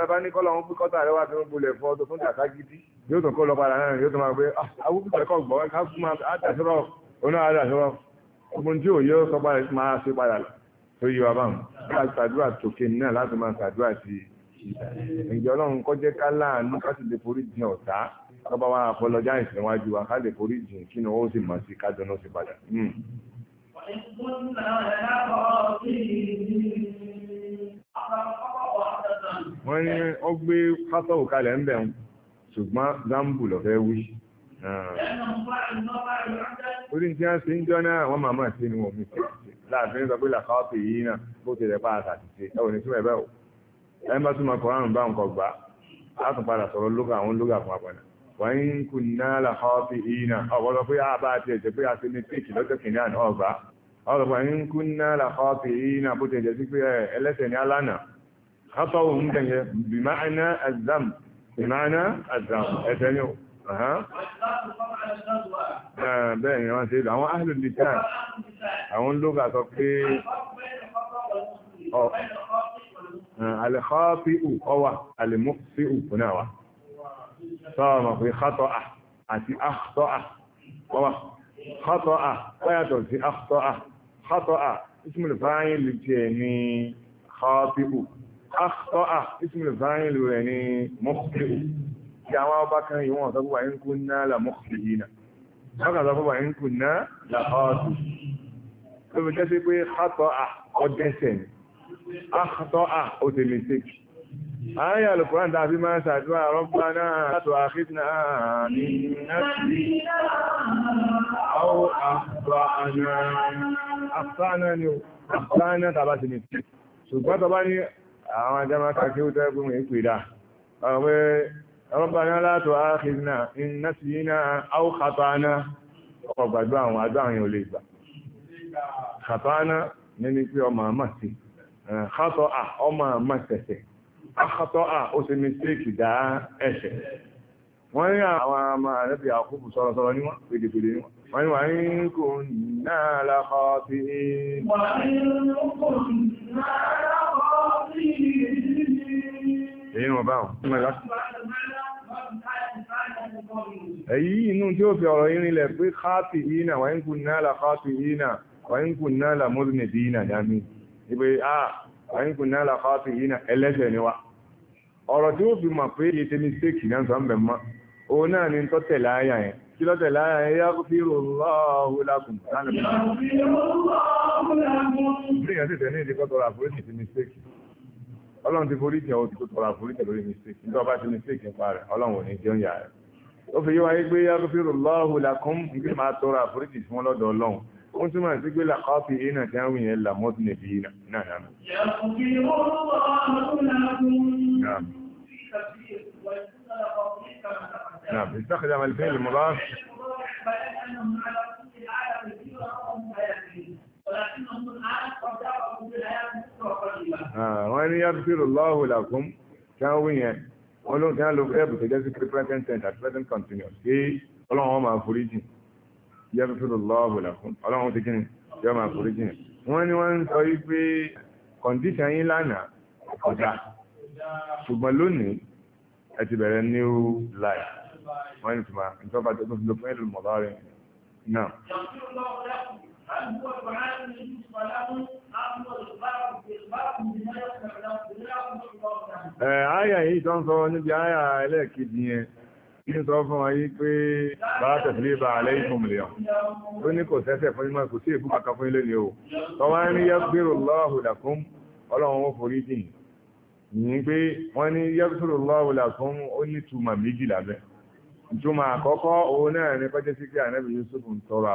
ẹ̀bá ní kọ́lọ̀ wọn pínkọ́tà rẹ̀ wá tí wọ́n bulẹ̀ fọ́ tó tún tàkà gidi yóò tún kọ́ lọ padà náà yóò tún máa gbé ah, awúkútẹ̀kọ́ gbọ́ ká kú máa àtàṣọ́rọ̀ oná àdàṣọ́rọ̀ ọgbọ́n tí òye ọba wa àfọlọjá ìsìnwájú wa ká lè forí jìn kí ni ó sì mọ̀ sí kájọ náà sì padà. Hmm. wọ́n ní ó gbé pátá òkalẹ̀ ń bẹ̀ ń ṣùgbọ́n zambu lọ fẹ́ wí. orí tí wọ́n ṣe ń jọ náà wọ́n máa máa ṣe ni wọ́n mi ṣe láàfin sọ pé làkàwọ́pì yìí náà bó ti rẹ̀ pa àtàtì ṣe ẹ̀ ní túmọ̀ ẹ̀ o ẹ̀ ń bá túmọ̀ kọ́ránù bá nǹkan gbà á tún padà sọ̀rọ̀ lóga àwọn lóga fún apẹ̀nà. wọ́n kù náà lọ́fí ìnà ọ̀wọ́lọ́ fún yàbá àti ẹ̀jẹ̀ pé a ti ní tíkì lọ́jọ́ kìíní àná ọ̀bá ọ̀rọ̀ wọ́n kù náà lọ́fí ìnà bó ti ẹ̀jẹ̀ sí pé ẹlẹ́sẹ̀ ní alánà kátọ́ òun tẹ̀yẹ bìmáàná azam bìmáàná azam ẹ̀sẹ̀ ni ó bẹ́ẹ̀ ni wọ́n ṣe lọ àwọn áhìlú lìtàn àwọn lóga sọ pé alẹ́kọ́ọ́fíù ọwà alẹ́mọ́fíù fúnáwà sọ́ọ̀mọ̀ pé khatọ́ à àti akhtọ́ à wọ́wà khatọ́ à báyàtọ̀ sí akhtọ́ à khatọ́ à ismul fa'il tiẹ̀ ní khatibu akhtọ́ à ismul fa'il rẹ̀ ní mukhti'u tí àwọn ọba kan yìí wọ́n sọ fún wa in kunna la la khatibu tó Ayé alùkùrán tàbí máa ṣàdúrà rọ́gbà náà látò àkítnà ní nàbí
àwọ̀ àfàànà.
Àfàànà ni ó, àfàànà tàbá ti ní. Ṣùgbọ́n tọba ní àwọn ajámáka kí ó tẹ́gbùn ìpìdá. Rọ́gbà náà látò àkítnà ní nàbí àwọ̀ àfàànà. Ọkọ̀ gbàdúrà àwọn àdúrà yẹn ò lè gbà. Àfàànà ní ni pé ọmọ àmà sí. Àkátọ̀ à ọmọ àmà tẹ̀tẹ̀ akọtọ́ à ó ṣe mistake dá ẹ̀ṣẹ̀ wọ́n ní àwọn ọmọ àrẹ́bí àkókò sọ̀rọ̀sọ̀rọ̀ ní wọ́n pèdèpèdè ní wọ́n wọ́n ní wà ní kò náà lákọ́ sí èyí wọ́n bá wọn èyí inú tí ó fi ọ̀rọ̀ irinlẹ̀ pé káàtì ìyínà wà náà lákọ́ sí ìyínà wà ń kù àyíkù náà làkọ́ àti yìí náà ẹlẹ́sẹ̀ ni wa ọ̀rọ̀ tí ó fi mọ̀ pé yìí ṣe mistake náà sọ ń bẹ̀ mọ́ o náà ni tọ́tẹ̀lá ayà yẹn kí lọ́tẹ̀lá ayà yẹn yá fi rò lọ́ọ̀hù lákùn láàrín ọlọ́run ti forí jẹ́ òtítọ́ tọrọ àforíjẹ́ lórí mistake nígbà bá ti mistake nípa rẹ̀ ọlọ́run ò ní jẹun yà rẹ̀ ó fi yíwáyé pé yá fi rò lọ́ọ̀hù lákùn nígbà máa tọrọ àforíjì fún ọlọ́dọ̀ ọlọ́run ó sì máa sí pé làkọ́fì iná tí àwọn èèyàn là mọ́tún nìbí iná náà náà.
نعم استخدم
الفعل المضاف wọ́n ní yàtúrò lọ́wọ́ làkún tí wọ́n yẹn wọ́n ló ń tẹ́lá lókè ẹ̀bùn tó jẹ́ sí pé present tense àti present continuous kí ọlọ́run wọn máa forí jìn yaghfirullahu lakum ọlọ́run ti kíni yọ́ máa forí jìnà wọ́n ní wọ́n ń sọ wípé kọ̀ǹdíṣàn yín lánàá ọ̀dà ṣùgbọ́n lónìí ẹ ti bẹ̀rẹ̀ new life wọ́n ní tuma ìjọba tó tó fi lọ fún ẹ̀lú mọ̀lọ́rin náà. Àyà yìí tó ń sọ níbi àyà ẹlẹ́ẹ̀kejì yẹn ní sọ fún wa yí pé bàbá tẹ̀sílé bá alẹ́ ìfún lèyàn ó ní kò sẹ́sẹ̀ fún yín máa kò sí èkú kàkà fún ilé ni o tọ́wọ́ ń rí yẹ́gbèrò lọ́hùn làkún ọlọ́run ó forí jìn yìí pé wọ́n ní yẹ́gbèrò lọ́hùn làkún ó ní túmọ̀ méjì lábẹ́ ìtumọ̀ àkọ́kọ́ òun náà ní pẹ́jẹ́ sí pé ànábì Yusuf ń tọrọ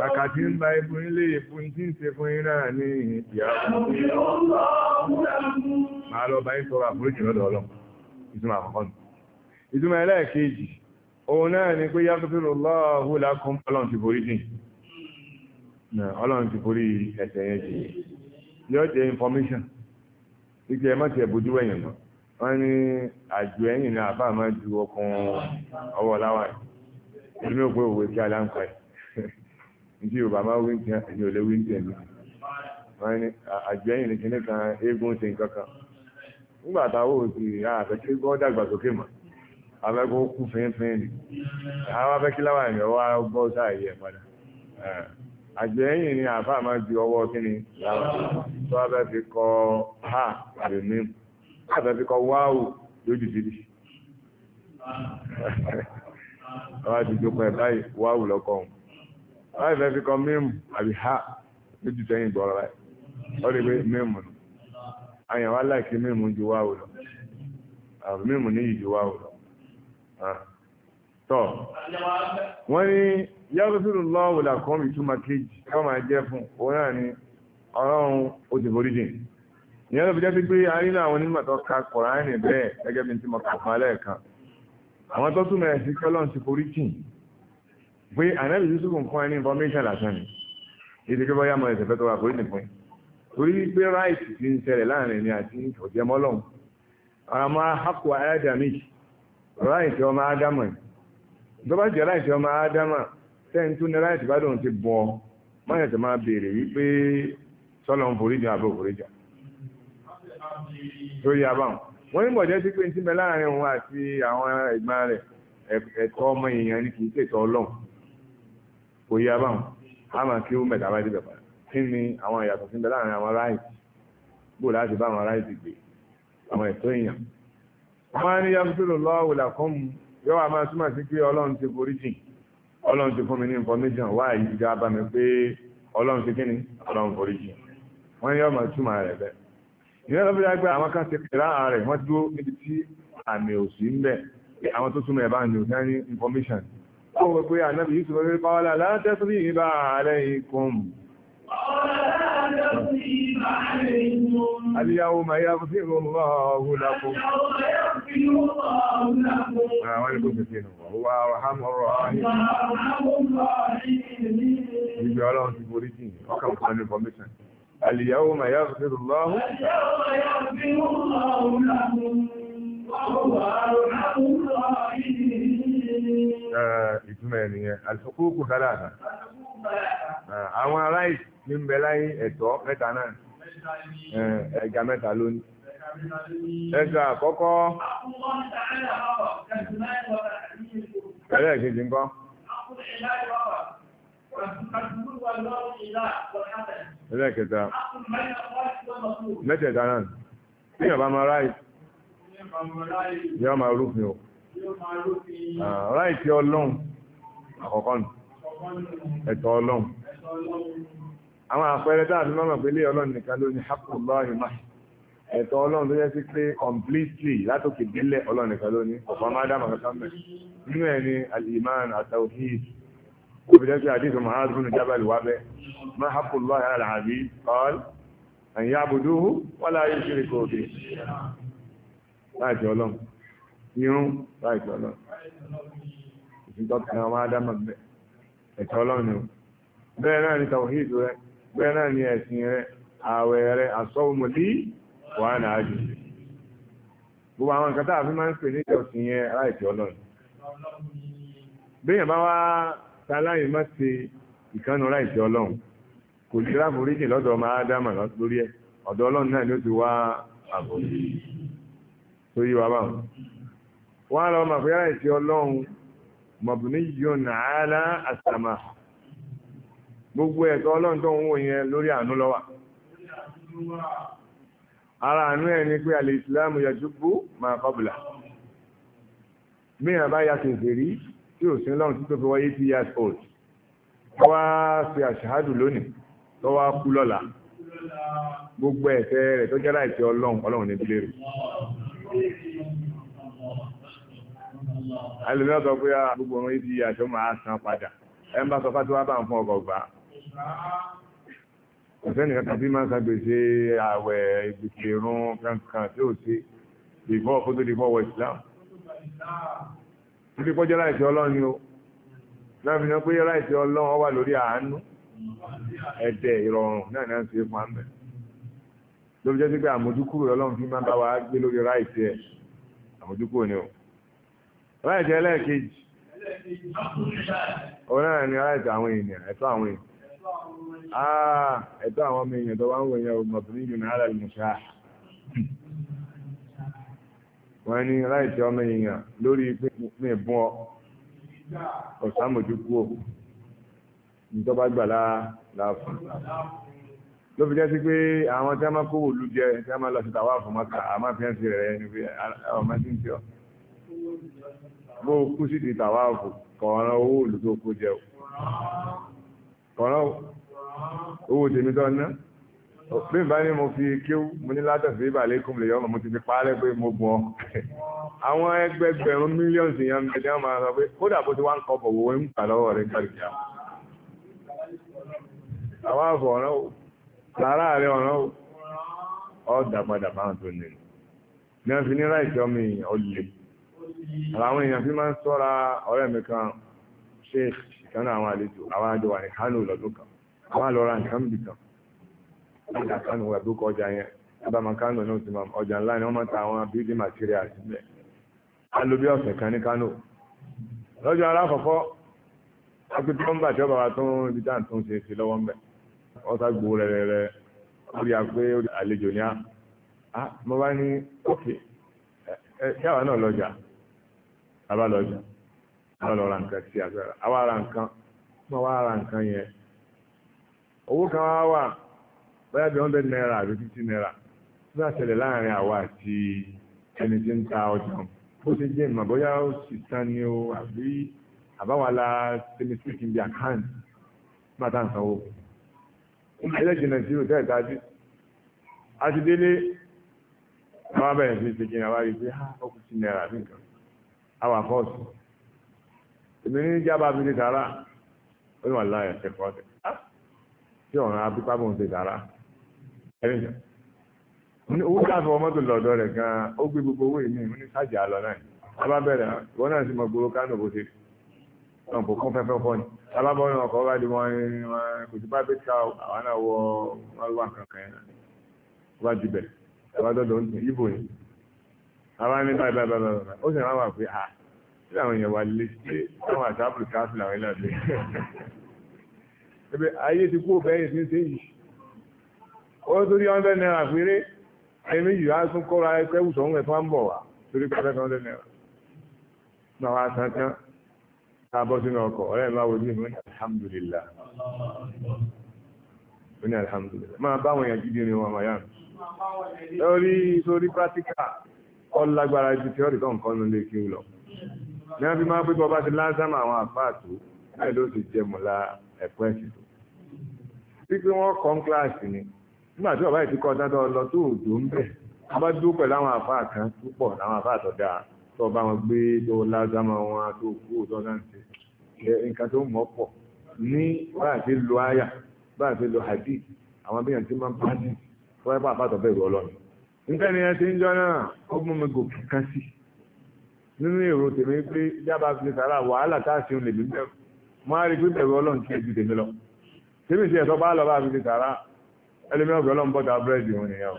Kàkà tí ń ba ibu ilé ìbu tí ń ṣe fún iná ní ìyàwó. Máa lọ bá ìsọ̀rọ̀ àforíjì lọ́dọ̀ ọlọ́run. Ìtumọ̀ àkọ́kọ́ nù. Ìtumọ̀ ẹlẹ́ẹ̀kejì, ni pé yàtọ̀fẹ́rọ̀ lọ́ọ̀hù lákún ọlọ́run ti information. Ike ẹ má ti ẹ̀bùjú ẹ̀yìn mọ́. Wọ́n ní àjò ẹ̀yìn ni àbá máa ju ọkùn ọwọ́ láwàá. Ìlú mi ò òwe kí aláǹkọ̀ yìí. tí Yorùbá máa wí ní ẹ̀yìn olè wí ní ẹ̀mí ní àgbẹ̀yìn ní kíní kan eégún ṣe nǹkan kan nígbà táwọn ò sì kú fínfín ni àwọn afẹ́kí láwọn èèyàn wá gbọ́ sáàyè ẹ̀ padà àgbẹ̀yìn ni àfáà máa ju ọwọ́ kíni láwọn tó fi kọ ha àbí mímu afẹ́ fi kọ wáwù lójú síbi àwọn àti ìjókòó ẹ̀ báyìí wáwù lọ́kọ̀ọ̀hún. láì fẹ́ fi kọ mímu àbí ha méjì sẹ́yìn gbọ́rọ̀ láì ó lè gbé mímu nù àyàn wá láìkí mímu ju wá wò lọ àbí mímu níyì ju wá wò lọ. tọ́ wọ́n ní yàgòsílù lọ́wọ́ wòlà kan mi túmọ̀ kejì ká jẹ́ fún òun náà ni ọlọ́run ó ti forí jìn ìyẹn ló fi jẹ́ sí pé a nínú àwọn onímọ̀ tó ka Kùránì bẹ́ẹ̀ gẹ́gẹ́ bí ti mọ̀ kà fún àwọn tó túmọ̀ ẹ̀ sí ti forí jìn pé ànábì Yusuf ń fún ẹ information lásán ni ètò ìjọba yá mọ ẹsẹ̀ fẹ́ tó wà kórìí nìkan torí pé right ti ń ṣẹlẹ̀ láàrin ni àti ọ̀jẹ̀mọ́lọ́hún ọmọ hapò ayájàmí right ọmọ ádámọ̀ tó bá jẹ́ right ọmọ ádámọ̀ tẹ́yìn ni right bá dùn ti bọ̀ mọ́yẹ̀ tó máa béèrè wípé sọ́lọ́ ń foríjà àbò foríjà tó yá báwọn wọ́n ní bọ̀jẹ́ sí pé ń ti bẹ láàrin òun àti àwọn ìgbà rẹ̀ ẹ̀tọ́ ọmọ èèyàn ni kì í ṣètọ́ ọlọ́run kò yí abáhùn a máa kí ó mẹ́ta báyìí bẹ̀rẹ̀ kí ni àwọn ìyàtọ̀ sí bẹ́ẹ̀ láàrin àwọn ráìtì bó láti bá àwọn ráìtì gbé àwọn ẹ̀tọ́ èèyàn wọ́n á ní yàtúrò lọ́wọ́ làkọ́mù yóò wá máa túmọ̀ sí pé ọlọ́run ti forí jìn ọlọ́run ti fún mi ní information wá yìí já bá mi pé ọlọ́run ti kíni ọlọ́run forí jìn wọ́n yóò máa túmọ̀ rẹ̀ bẹ́ẹ̀ ìyẹn lọ́fẹ́ yá pé àwọn kan ti kẹ̀rá rẹ̀ wọ́n dúró níbi tí àmì òsì ń bẹ àwọn tó túmọ̀ ẹ̀ bá ń lò ní information Ọwọ́ pé ànábì Yusuf rẹ̀ pàwọ́lá látẹ́sí ìbá ààrẹ ikùn. Àdíyàwó ma yá fún fíìmù ọ̀hún lápò. Àwọn ilé kò fi sínú, wà ọ̀hámọ̀rọ̀ ọ̀hìn. Ìgbẹ̀ ọlọ́run ti borí jìn, ọkà fún information ìtumọ̀ ẹ̀nìyẹn alhuququ thalatha àwọn aráìsì ní ń bẹ láyé ẹ̀tọ́ mẹ́ta náà ẹ̀gà mẹ́ta lónìí
ẹ̀gà àkọ́kọ́
ẹlẹ́ẹ̀kejì ńkọ́ ẹlẹ́ẹ̀kẹta mẹ́tẹ̀ẹ̀ta náà ní ọ̀bá máa ráì yọ́ máa rúfin o ráìtì ọlọ́run ah, àkọ́kọ́ nù ẹ̀tọ́ ọlọ́run àwọn àpẹẹrẹ tá a fi mọ́mọ̀ pé ilé ọlọ́run nìkan ló ní hapun lọ́ọ̀rì máa ẹ̀tọ́ ọlọ́run tó yẹ sí pé completely látòkè délẹ̀ ọlọ́run nìkan ló ní ọ̀pọ̀ máa dá màkà sáńbẹ̀ nínú ẹ̀ ní al-iman at-tawhid ó fi jẹ́ àdéhùn Mu'adh bin Jabal wá bẹ́ máa hapun lọ́ọ̀rì àlàbí qal an ya'buduhu wa la yushriku bihi láti ọlọ́run irun láìpẹ́ ọlọ́run ìfìtọ́kàn ọmọ ádámà ọma ẹ̀tọ́ ọlọ́run ni bẹ́ẹ̀ náà ni tawhid rẹ bẹ́ẹ̀ náà ni ẹ̀sìn rẹ ààwẹ̀ rẹ àsọ́wọ́mọ lí wàá nà gbogbo àwọn nǹkan tá a fi máa ń pè ní ìjọsìn yẹn láìpẹ́ ọlọ́run béèyàn bá wá ta má ṣe ìkànnù láìpẹ́ ọlọ́run kò sí ráforíjì lọ́dọ̀ ọmọ ádámà lórí ọlọ́run náà ti wá tó yí wa báwọn wọ́n lọ mọ̀ pé àìsí ọlọ́run mọ̀bùnú yóò nàálà àsàmà gbogbo ẹ̀tọ́ ọlọ́run tó ń wò yẹn lórí àánú lọ́wà ara àánú ẹ̀ ni pé àlè ìsìláàmù yàjúbú máa kọ́bùlà mìíràn bá ya kèfèrí tí ò sí lọ́run tí tó fi wáyé tí years old tó wá ṣe àṣàhádù lónìí tó wá kú lọ́la gbogbo ẹ̀ṣẹ̀ rẹ̀ tó jẹ́ láìsí ọlọ́run ọlọ́run ní ẹlòmí ọ̀sọ̀ pé ah, gbogbo ọmọ yìí ti àṣọ máa san padà ẹ ń bá sọ fátí wá bá ń fún ọkọ̀ gbà. kò sẹ́ni kankan bí máa ń sàgbèsè àwẹ̀ ìgbèsè irun kankan tí ó ṣe bìfọ́ kó tó dìfọ́ wọ ìsìlámù. níbi pọ́jọ́ láìsí ọlọ́run ni o náà fi hàn pé láìsí ọlọ́run wà lórí àánú ẹ̀dẹ̀ ìrọ̀rùn náà ní à ń ṣe fún àmì lóbi jẹ́ sí pé àmójúkúrò ọlọ́run fi máa bá wa gbé lórí ráìsì ẹ̀ àmójúkúrò ni o ráìtì ẹlẹ́ẹ̀kejì òun náà ni ráìtì àwọn èèyàn ẹ̀tọ́ àwọn èèyàn àà ah, ẹ̀tọ́ àwọn ọmọ èèyàn tó wá ń wòye ọmọbìnrin yìí ní ara ìmúṣà wọ́n ní ráìtì ọmọ èèyàn lórí pé mi bún ọ ọ̀sàmójúkú ò ìjọba gbà láàfún ló fi jẹ́ sí pé àwọn tí a máa kówò lú jẹ tí a máa lọ sí tàwa fún mọ́ta àmọ́ fi hàn sí rẹ̀ ẹni pé ọmọ sí ń tí ọ bó kú sí ti tàwáàfù kọ̀ọ̀rán owó òlù tó kó jẹ kọ̀ọ̀rán owó tèmi tó ná bí n bá ní mo fi kíw mo ní látọ̀sí ìbàlẹ̀ kún lè yọmọ mo ti fi parẹ́ pé mo gbọ́n àwọn ẹgbẹgbẹ̀rún mílíọ̀nù sì yan mẹ́jọ máa sọ pé kódà bó ti wá ń kọ́ bọ̀ wọ́n ń gbà lọ́wọ́ rẹ̀ kárí kíá àwọn àfọ̀ ọ̀rán o sàárà rẹ̀ ọ̀rán o ọ̀ dàpadà báwọn tó nílò ní wọ́n fi ní ráìtì ọmọ èèyàn ó àwọn èèyàn fi máa ń sọ́ra ọ̀rẹ́ mi kan sheikh kan àwọn àlejò àwọn àjọ wà ní kánò lọ́dún kan àwọn àlọ́ra nǹkan bì kan ọjà kánò wà dúkọ ọjà yẹn abàmà kánò náà ti máa ọjà ńlá ni wọ́n máa ta àwọn building materials nílẹ̀ a lò bí ọ̀sẹ̀ kan ní kánò lọ́jọ́ alákọ̀ọ́kọ́ ọgbẹ́ tí wọ́n bá jọba wa tó ń ibi tá à ń tún ṣe sí lọ́wọ́ ń bẹ̀ wọ́n sá gbowó rẹ̀rẹ̀rẹ̀ ó rí a pé àlejò ni a ah, mo bá ní ókè ẹ yàrá náà lọ́jà abalọ́jà abalọ́ra nǹkan tí a fẹ́ra awára nǹkan mọ́ awára nǹkan yẹn owó kan wá wà bóyá bí hundred naira àbí fifty naira tí wọ́n ṣẹlẹ̀ láàrin àwa àti ẹni tí ń ta ọjà bó ṣe jẹ́ ìmọ̀ bóyá ó sì tán ni o àbí àbáwọn ala tẹ́lẹ̀ sí kí n bí àkáǹtì má tá à ń sanwó ẹlẹ́jìn nàìjíríà tẹ́lẹ̀ tá a dé a ti délé àwọn abẹ́rẹ́ sí ṣe kí n àwárí pé ah, ó kù sí naira àbí nǹkan our force èmi ní jábà fi ṣe sàárà ó ní wà láyà ẹ̀kọ́ ọ̀tẹ̀ tí ah! ọ̀ràn abípá bò ń ṣe sàárà ẹ̀rí ìjà owó káfọ́ mọ́tò lọ́dọ̀ rẹ̀ gan-an ó gbé gbogbo owó èmi ní sájà lọ náà tábà bẹ̀rẹ̀ ìwọ náà sì mọ gbogbo kánò bó ṣe náà kò kún fẹ́fẹ́ fọ́ ni tábà bọ́ náà ọkọ̀ bá di wọn kò sí pápẹ́ ká àwọn náà wọ wọn wà kankan yẹn wọ́n bá dibẹ̀ tábà dọ́dọ̀ ń tẹ̀ ibo yìí àwa ní báyìí báyìí báyìí báyìí ó sì máa wà pé à ah, sí àwọn èèyàn wà lè ṣe táwọn àtàbùrù káàsì làwọn ilé ọ̀dẹ́ ẹbí ayé ti kó bẹ́ẹ̀ sí ṣe yìí ó tó rí hundred naira péré ayé méjì á tún kọ́ra ẹgbẹ́ wùsọ̀ ń wẹ̀ fún àǹbọ̀ wá torí pé ẹgbẹ́ hundred naira ní àwọn àtàntàn tá a bọ́ sínú ọkọ̀ ọ̀rẹ́ mi máa wojú mi ní alhamdulillah ní alhamdulillah máa bá àwọn èèyàn ni wọn àmàyàn lórí sórí practical ọlágbára ju tí ọ̀rì kan kan lè kí lọ ní wọ́n fi máa pípọ̀ bá ti lásàmà àwọn àpá àtò bẹ́ẹ̀ ló ti jẹmù la ẹ̀kọ́ ẹ̀sìn tó pípé wọ́n kọ́ ń kíláàsì ni nígbà tí ọ̀bá ìtí kọ́ dáadáa lọ tó òdò ń bẹ̀ wọ́n bá dúró pẹ̀lú àwọn àpá kan púpọ̀ láwọn àpá a tó bá wọn gbé tó lásàmà wọn tó kú òtọ́ náà ti nǹkan tó mọ̀ pọ̀ ní báyà ti lo àyà báyà ti lo hadith àwọn abẹ́yàn nítorí ẹ ti ń jọ náà ó mú mi gòkè kan sí nínú èrò tèmi pé jábà fi sàrà wàhálà táàsì ń lè mí bẹ̀rù mo á rí pé bẹ̀rù ọlọ́run kí èdè tèmi lọ tèmi ti ẹ̀sọ́ bá lọ bá fi ti sàrà ẹlẹ́mí ọ̀gbẹ́ ọlọ́run bọ́ta búrẹ́dì òun nìyẹn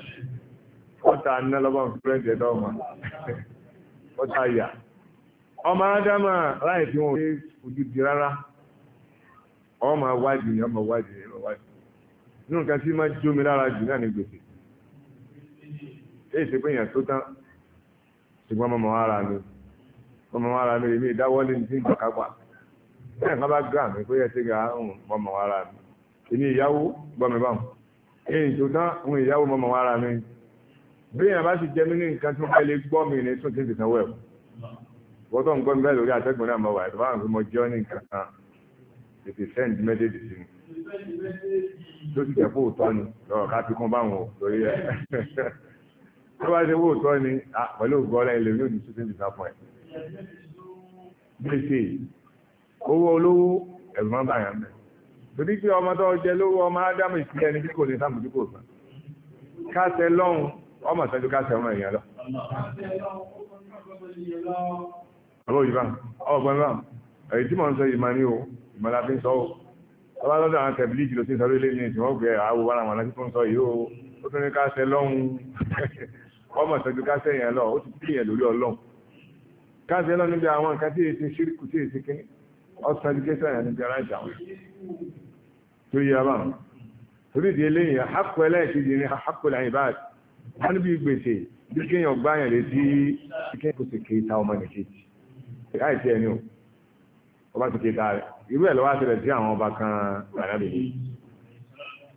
o ọ̀tá aná lọ́bọ̀ búrẹ́dì ẹ̀dọ́ ọmọ ọ̀tá ìyà ọmọ ádámà láì fi wọn ojú di rárá ọmọ wájú ni ọmọ wájú ni ọmọ wájú nínú nǹkan tí máa jómi lára jù náà èyí ṣe pé èèyàn tó tán ṣùgbọ́n mọ́mọ́ ara mi mọ́mọ́ ara mi èmi ìdáwọ́lé ní ìgbàkágbà bẹ́ẹ̀ kan bá gbà mí pé ẹsẹ̀ gà ń mọ́mọ́ ara mi èmi ìyàwó gbọ́ mi báwọn èyí tó tán òun ìyàwó mọ́mọ́ ara mi bí èèyàn bá sì jẹ mí ní nǹkan tó bẹ́ẹ̀ lè gbọ́ mi ní tún ti ń tẹ̀sán wẹ̀ wọ́n tó ń gbọ́ mi bẹ́ẹ̀ lórí atẹ́gùn náà mọ̀ wà ìtọ́ báwọn fi mọ jẹ́ ní nǹkan kan tètè send message sí mi lójú jẹ́ fóòtọ́ ni lọ́rọ̀ ká fi kún báwọn lórí ẹ̀ tó bá ṣe wóòtọ́ ni pẹ̀lú ògbọ́lá ilẹ̀ yóò ní ṣúté ìta fún ẹ̀ gbèsè owó olówó ẹ̀gbọ́n bá yàn mẹ́ torí pé ọmọ tó jẹ lówó ọmọ ádámù ìpínlẹ̀ ní kíkò ní sàmójú kò sàn kásẹ̀ lọ́hùn ọmọ sẹ́jú kásẹ̀ ọmọ èèyàn lọ. ọ̀rọ̀ òyìnbá ọ̀gbọ́n bá èyí tí mò ń sọ yìí máa ní o ìmọ̀lá fi ń sọ o ọba lọ́dọ̀ àwọn tẹ̀bílíìkì ló ti ń sọ lórí ilé ní ìsìn wọ́n gbé àwọn wọn àwọn aláṣẹ tó ń sọ yìí o ó tún ní kásẹ̀ lọ́hùn ọmọ ìṣẹ́jú káṣẹ́ yẹn lọ ó ti kí yẹn lórí ọlọ́run káṣẹ́ lọ níbi àwọn nǹkan tí èsì ṣírìkù tí èsì kíní ọ̀sán ẹdíkẹ́sẹ̀ yẹn níbi ara ìjà wọn tó yẹ abá wọn torí ìdí eléyìí àhàkù ẹlẹ́ẹ̀kejì ní àhàkù làyìn báàdì wọn níbi gbèsè bí kéèyàn gbá yẹn létí kí kò sì kéé ta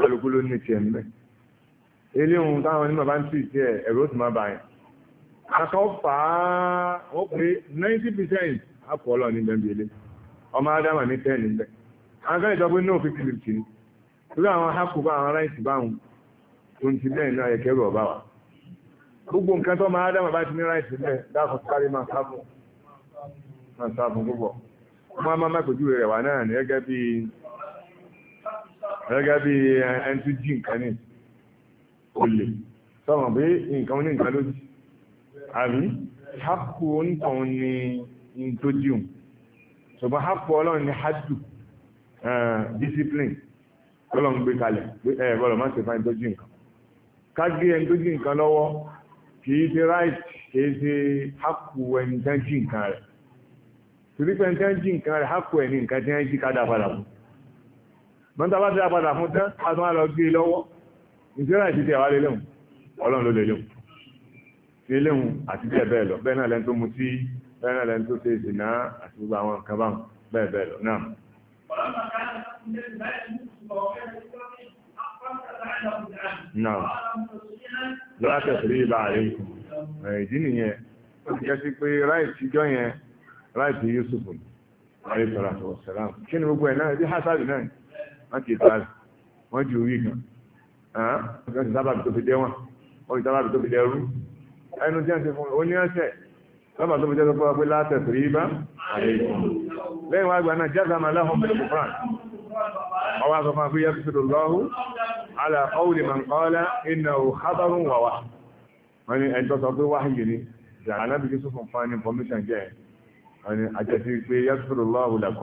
kálukú ló ní tiẹ̀ mbẹ́ ilé ohun táwọn onímọ̀ bá ń tì tiẹ̀ ẹ̀rọ sì máa bà yẹn akọ́ fà á wọ́n pé ninety percent akọ ọlọ́ọ̀ ní bẹ́ẹ̀ bíi ọmọ adama ní ten níbẹ̀ agbẹ́ ìjọba náà fi kìlì tì ní lórí àwọn hákù bá àwọn aláìsí báwọn tó ń ti bẹ́ẹ̀ náà ẹ̀kẹ́ rọ̀ bá wa gbogbo nǹkan tó máa dámà bá ti ní ráìsì bẹ́ẹ̀ dákọ̀ kárí máa sáfún máa sáfún gbogbo wọn máa má pèjú rẹ̀ wà náà ní gẹ́gẹ́ bíi gẹ́gẹ́ bí ẹn tí jí nǹkan ní olè sọ́mọ̀ pé nǹkan ní nǹkan ló jí àbí hápù onítọ̀hún ni in tó jíun ṣùgbọ́n hápù ọlọ́run ni hádù discipline ọlọ́run gbé kalẹ̀ ẹ bọ́lọ̀ má ṣe fáin tó jí nǹkan ká gbé ẹni tó jí nǹkan lọ́wọ́ kìí ṣe right kìí ṣe hápù ẹni tán jí nǹkan rẹ̀ torí ẹni tán jí nǹkan rẹ̀ hápù ẹni nǹkan tí jí ká padà fún un mọ́ta bá ti àpadà fún tán àtún àlọ́ gbé e lọ́wọ́ ìṣẹ́rà ìṣẹ́tẹ̀ àwárí lẹ́hùn ọlọ́run ló lè lẹ́hùn sí lẹ́hùn àti bẹ́ẹ̀ bẹ́ẹ̀ lọ bẹ́ẹ̀ náà lẹ́nu tó mutí bẹ́ẹ̀ náà lẹ́nu tó ṣe ìsìnà àti gbogbo àwọn nǹkan bá bẹ́ẹ̀ bẹ́ẹ̀ lọ náà.
náà lọ́wọ́
tẹ̀sírí ibà rẹ̀ ìdí nìyẹn ó ti kẹ́sí pé ráìtì jọ Yusuf alayhi salatu wa salam kí ni gbogbo ẹ̀ náà ibi hasadi náà wọ́n kì í sára wọ́n ju orí kan ọ̀gá ti sábàbí tó fi dẹ́ wọn wọ́n ti sábàbí tó fi dẹ́ rú ẹnu tí wọ́n ti fún ó ní ọ̀sẹ̀ sábà tó fi dẹ́ tó fún wa pé látẹ̀ tó yí bá lẹ́yìn wá gbaná jáde àmà láhùn pẹ̀lú kùfrán ọwọ́ àgbà fún akúyẹ́ fi tó lọ́hù alà ọ̀wùlì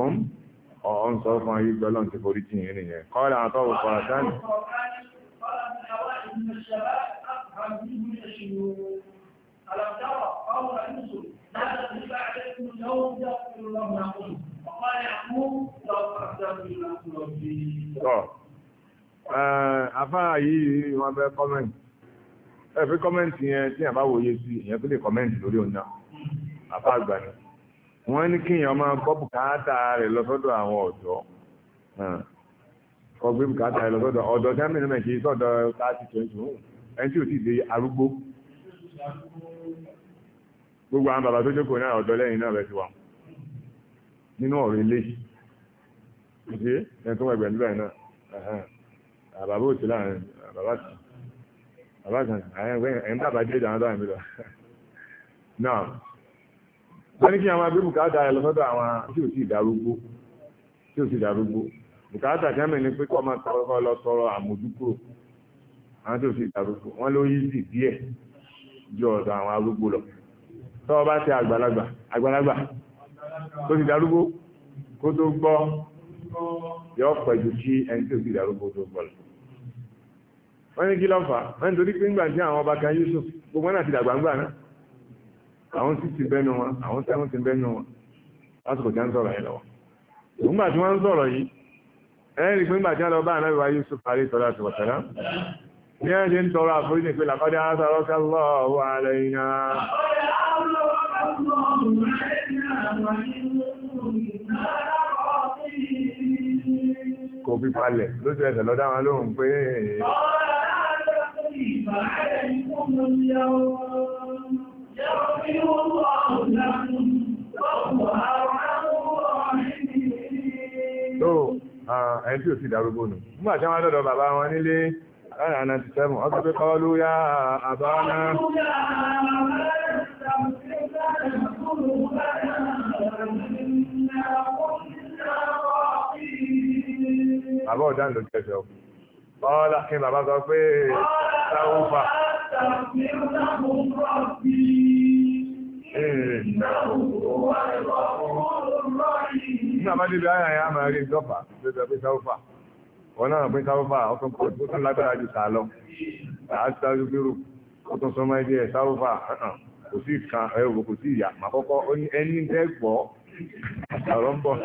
jẹ́ ọ̀hún sọ fún ayé gbọ́lọ́n ti forí jìn ìrìn yẹn kọ́lá àtọ́wò fàásánì Àfáà yìí wọ́n bẹ́ kọ́mẹ́ntì. Ẹ̀fí kọ́mẹ́ntì yẹn tí àbáwòye sí, èyàn tó lè kọ́mẹ́ntì lórí òun náà. Àfáà gbà ni wọ́n ní kíyàn máa gbọ́ bùkátà rẹ̀ lọ́sọ́dọ̀ àwọn ọ̀dọ́ kọ gbé bùkátà rẹ̀ lọ́sọ́dọ̀ ọ̀dọ́ tí a mẹ́rin mẹ́rin kìí sọ́dọ̀ láti twenty one ẹni tí ò sì dé arúgbó gbogbo àwọn bàbá tó jókòó náà ọ̀dọ́ lẹ́yìn náà rẹ̀ ti wà nínú ọ̀rọ̀ ilé ṣe ẹni tó wọ ẹgbẹ̀ níbẹ̀ náà bàbá òsì láàrin bàbá kan bàbá kan ẹ̀ ń bàbá jẹ́ ìdáná dáhùn mi wọ́n ní kí àwọn agbé bùkátà ẹ̀ lọ́sọ́dọ̀ àwọn tí ò sì darúgbó tí ò sì darúgbó bùkátà kẹ́mẹ̀ ni pé kọ́ máa tọrọ kọ́ lọ tọrọ àmójúkúrò àwọn tí ò sì darúgbó wọ́n ló yí sí díẹ̀ ju ọ̀dọ̀ àwọn arúgbó lọ tọ́ ọ bá ti àgbàlagbà àgbàlagbà tó sì darúgbó kó tó gbọ́ yọ pẹ̀jù kí ẹni tí ò sì darúgbó tó gbọ́ lọ. wọ́n ní kí lọ́fà wọ́n ní torí pé ńgbà tí àwọn ọba kan Yusuf gbogbo náà ti dàgbà náà àwọn sì ti bẹ́nu wọn àwọn tí wọ́n ti bẹ́nu wọn lásìkò tí wọ́n ń sọ̀rọ̀ yìí lọ́wọ́ nígbà tí wọ́n ń sọ̀rọ̀ yìí ẹ̀rìn pé nígbà tí wọ́n lọ bá ànábì wa Yusuf parí tọ́lá ti ní ẹ̀ ń tọrọ àforíjì pé làkọ́dá sàrọ́kà lọ́wọ́ ààrẹ iná kò ẹni tí ò sí darúgbó nù. Nígbà tí wọ́n lọ́dọ̀ bàbá wọn nílé láàrin àná ti sẹ́mù, ọ́ pípẹ́ kọ́ ló yá àbá náà. Bàbá ọ̀dán ló jẹ́ ìṣọ́. Bọ́ọ̀lá kí bàbá sọ pé ṣáwó fà. Bọ́ọ̀lá Ní àbádébí ayà ya máa rí ìjọpa lórí ọpẹ́ sáúfà. Wọ́n náà pín sáúfà ọkùn pọ̀ tó tún lágbára jù sà lọ. Àásájú bírù, ó tún sọmọ ẹgbẹ́ ẹ̀ sáúfà, kò sí ìkan ẹ̀wò kò sí ìyà. Mà kọ́kọ́ ẹni tẹ́gbọ́ ọ̀rọ̀ ń bọ̀.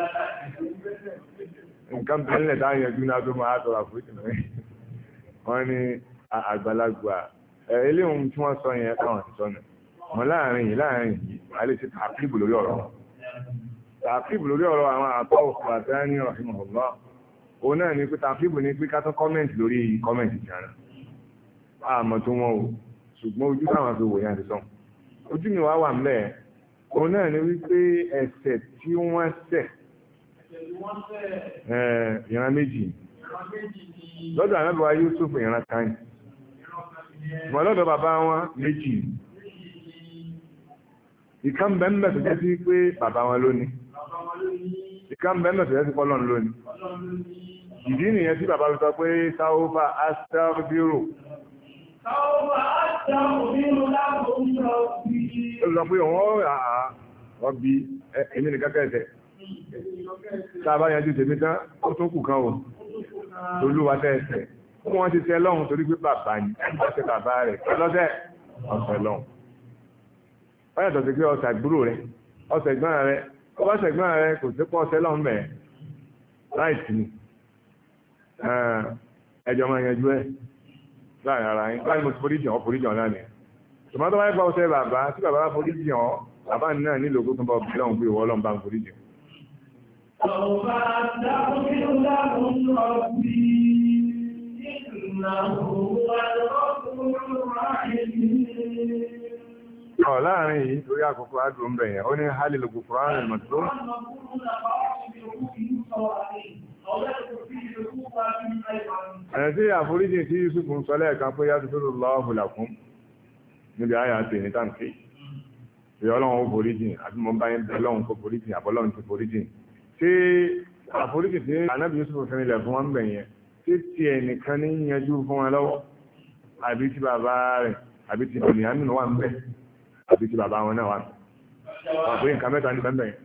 Nǹkan bẹ̀rẹ̀ táyẹ̀ jù náà tó máa tọrọ àforíjì náà. Wọ́n ní àgbàlagbà. Eléhùn tí wọ́n sọ yẹn káwọn ti sọ náà ọmọ láàrin yìí láàrin yìí a lè ṣe tààkìbù lórí ọ̀rọ̀ tààkìbù lórí ọ̀rọ̀ àwọn àpá òkú àtẹ́rẹ́ni rahimahullah òun náà ni pé tààkìbù ní pé kátó kọ́mẹ̀ntì lórí kọ́mẹ̀ntì jàrá àmọ́ tó wọn o ṣùgbọ́n ojú táwọn fi wò yẹn ti sàn ojú mi wá wà ń bẹ́ẹ̀ òun náà ni wípé ẹsẹ̀ tí wọ́n ṣẹ̀ ìran méjì lọ́dọ̀ ànábọ̀ ìkan bẹ́ẹ̀mẹ̀ tó jẹ́ sí pé bàbá wọn lónìí ìkan bẹ́ẹ̀mẹ̀ tó jẹ́ sí pọ́lọ́n lónìí ìdí nìyẹn tí bàbá lọ́tọ́ pé sáwọ́fà astarbiru
sáwọ́fà astarbiru láàrín oúnjẹ
ọ̀bí ọ̀bí ẹ̀mí nìkan kẹ́ẹ̀tẹ̀ tàbá yanjú tèmi tán ó tún kù kan o tolúwa tẹ́ẹ̀sẹ̀ wọ́n ti tẹ́ lọ́hùn torí pé bàbá yìí wọ́n ti bàbá rẹ̀ lọ́sẹ̀ ọ̀sẹ̀ lọ́hùn ó yàtọ̀ sí pé ọ̀sẹ̀ àgbúrò rẹ ọ̀sẹ̀ ẹ̀gbọ́n rẹ ó bá ṣẹ̀gbọ́n rẹ kò sí pọ̀ ọ̀sẹ̀ lọ́mọ̀ láìsí ni ẹjọ́ máa yanjú ẹ̀ láàrin ara yín láì mo ti forí jàn ọ́ forí jàn náà ni tòmọ́ tó bá yẹ pa ọ̀sẹ̀ bàbá tí bàbá bá forí jàn ọ́ bàbá náà nílò kó tún bá ọ̀bí lọ́hùn pé ìwọ ọlọ́run bá ń forí jàn.
ọ̀pá
ọ̀ láàrin yìí lórí àkókò àdùn ń bẹ̀yẹn ó ní halil gufran al-mazlu ẹ̀rẹ̀ tí àforíjì tí Yusuf ń sọ lẹ́ẹ̀kan pé yá tuntun lọ́wọ́ hùlàkún níbi àyà àti èyí tàǹkì ìyá ọlọ́run ó foríjì àti mo bá yín bẹ ọlọ́run kó foríjì àbọ́lọ́run ti foríjì tí àforíjì tí anábì Yusuf fẹ́mi lẹ̀ àbí ti bàbá rẹ̀ àbí ti bìnrin àmì wà ń bẹ̀ àbí ti bàbá wọn náà wà wọ́n pé nǹkan mẹ́ta ní bẹ́ẹ̀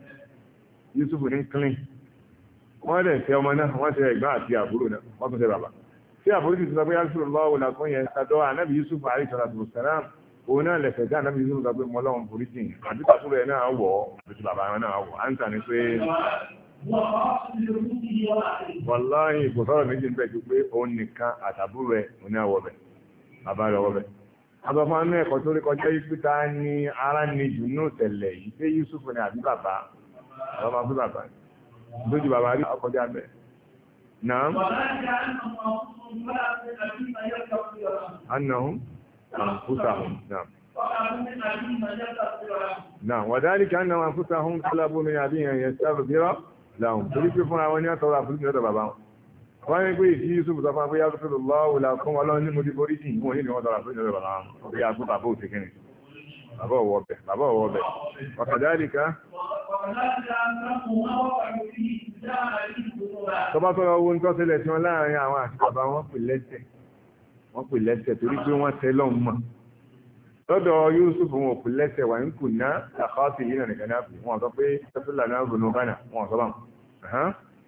Yusuf ní clean wọ́n dẹ̀ fẹ́ ọmọ náà wọ́n ṣe ẹ̀gbọ́n àti àbúrò náà wọ́n tún ṣe bàbá tí àbúrò ti sọ pé yasuf lọ́wọ́ wò lákún yẹn sàdọ́ anábì Yusuf àríṣọ́lá tó sẹ́rán òun náà lẹ̀fẹ̀ tí anábì Yusuf sọ pé mo lọ́wọ́ forí jìn àbí pàtó rẹ̀ náà wọ̀ àbí ti bàbá wọn náà wọ̀ à ń tà ní pé wàláhì kò sọ̀rọ̀ méjì ń bẹ̀ ju àbọ̀fún anú ẹ̀kọ́ tó rí kọjá yìí pítà ní ara ní jù ní òtẹ̀lẹ̀ yìí pé Yusuf ní àbí bàbá àbọ̀fún àbí bàbá lójú bàbá rí ọkọjá bẹ̀. náà anahun anfusahun náà. náà wàdáàlì kí anahun anfusahun kálábó mi àbí yẹn yẹn sábà bírọ̀ làwọn torí pé fún àwọn ní àtọ́wọ́ àfúrúkì lọ́dọ̀ bàbá wọn wọ́n ní pé ìdí Yusuf sọ fún abúlé yàtọ̀ tó lọ́wọ́ wùlà fún wọn lọ́wọ́ ní mo ti borí jì wọ́n yìí ni wọ́n tọ́ra fún ìjọba bàbá wọn bí a gbé bàbá òsì kìnnì bàbá ọwọ́ ọbẹ̀ bàbá ọwọ́ ọbẹ̀ ọ̀kadàlíkà tọ́bá tọ́lọ owó ń tọ́sílẹ̀ tí wọ́n láàrin àwọn àti bàbá wọn pè lẹ́sẹ̀ wọ́n pè lẹ́sẹ̀ torí pé wọ́n tẹ́ lọ́hùn mọ́ lọ́dọ̀ Yusuf wọn pè lẹ́sẹ̀ wà ń kùnà àkọ́sí yìí nà nìkan náà wọn sọ pé tọ́sílẹ̀ náà gbónú kánà wọn sọ bá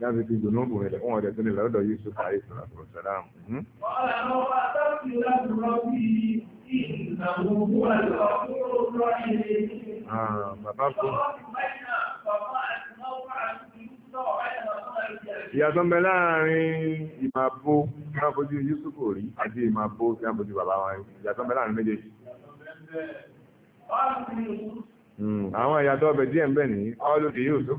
láti fi dùnú bù rẹ̀ fún ọ̀dẹ̀ tó ní lọ́dọ̀ Yusuf àrí sọ̀rọ̀ sọ̀rọ̀ sàlám. Bàbá kú. Ìyàtọ̀ ń bẹ láàrin ìmàbo tí wọ́n fojú Yusuf rí àti ìmàbo tí wọ́n fojú bàbá wa rí. Ìyàtọ̀ ń bẹ láàrin méjèèjì. Hmm, àwọn ìyàtọ̀ ọbẹ̀ díẹ̀ ń bẹ nìyí, ọ́ ló di Yusuf.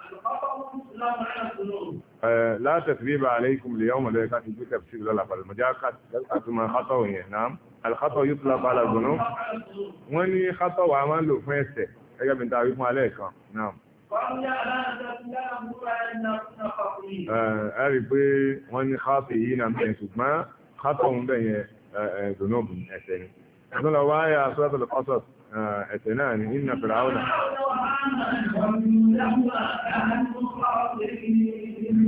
آه، لا تثبيب عليكم اليوم الذي كانت في تفسير لا فالمجاكات ما خطأ نعم الخطأ يطلق على الذنوب وني خطأ وعمل له فاسد اجا بنت عارف عليك نعم ẹ̀rí pé wọ́n ní káàpì yìí náà mẹ́rin ṣùgbọ́n káàpì ọ̀hún bẹ̀yẹn ẹ̀ẹ̀dùnúbù ẹ̀ṣẹ̀ ni. kaapi yii naa خاطئين lọ wáyà sọ́tọ̀lù kọ́sọ̀tù ẹ̀tẹ̀ náà ni inna fìràúnà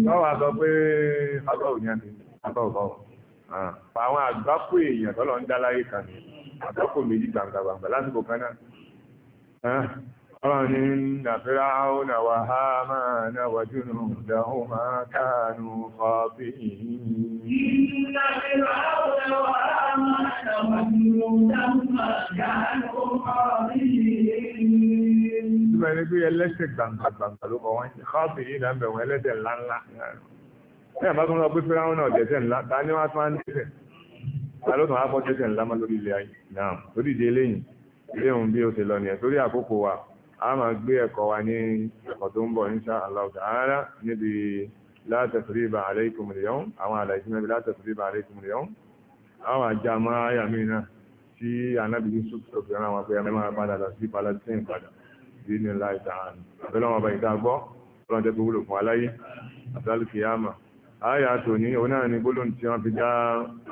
lọ́wọ́ sọ pé ọgbọ̀ òyìn àti àbọ̀bọ̀ àwọn àgbákò èèyàn tọ́lọ ń dáláyé kan ní àgbákò méjì gbàǹgbàǹgbà lásìkò kan náà ọ̀rọ̀ ni nàfíra ọ̀nà wà hámà náà wà jùnú dáhùn máa káànù ọ̀bí yìí إن فرعون وآمان وجنودهما
كانوا خاطئين.
Ìbẹ̀rẹ̀ bí ẹlẹ́sẹ̀ gbàǹgbàǹgbà ló kọ wọ́n ṣe káàpì yìí náà bẹ̀rù ẹlẹ́sẹ̀ ńláńlá. Ní àbá tó ń lọ pé Fẹ́ráwọn náà dẹ̀sẹ̀ ńlá, ta ni wọ́n á tún á ń dẹ̀sẹ̀? Ta ló tún á kọ́ dẹ̀sẹ̀ ńlá mọ́ lórí ilé ayé? Náà, lórí ìdí eléyìí, ilé òun bí ó ṣe lọ nìyẹn, torí àkókò wa, a máa gbé ẹ̀kọ́ wa ní ẹ̀kọ́ tó ń bọ̀ ní sáà Allah ta'ala níbi la tasriba alaykum al-yawm àwọn àlàyé mẹ́bí la tasriba alaykum al-yawm àwọn àjàmọ́ àyàmínà tí anábì yusuf obìnrin àwọn pé ẹmẹ́mà padà lọ sí palestine padà sí ní láì tààrà ọlọ́wọ́n ọba ìta gbọ́ ọlọ́run jẹ́ gbogbo fún aláyé àtàlù kìyàmà àyà tó ní òun náà ní gbólóhùn tí wọ́n fi dá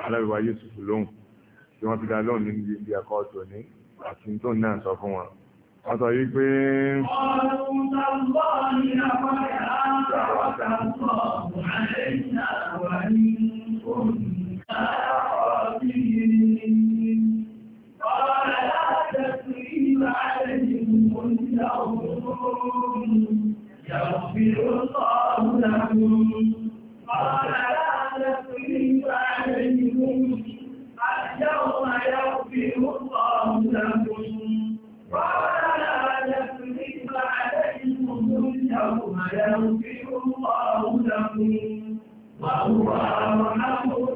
alábìwá yusuf lóhùn Ọ̀sọ̀ yìí pé
Yàwó bí ó sọ́ọ̀rọ̀ وهو أرحم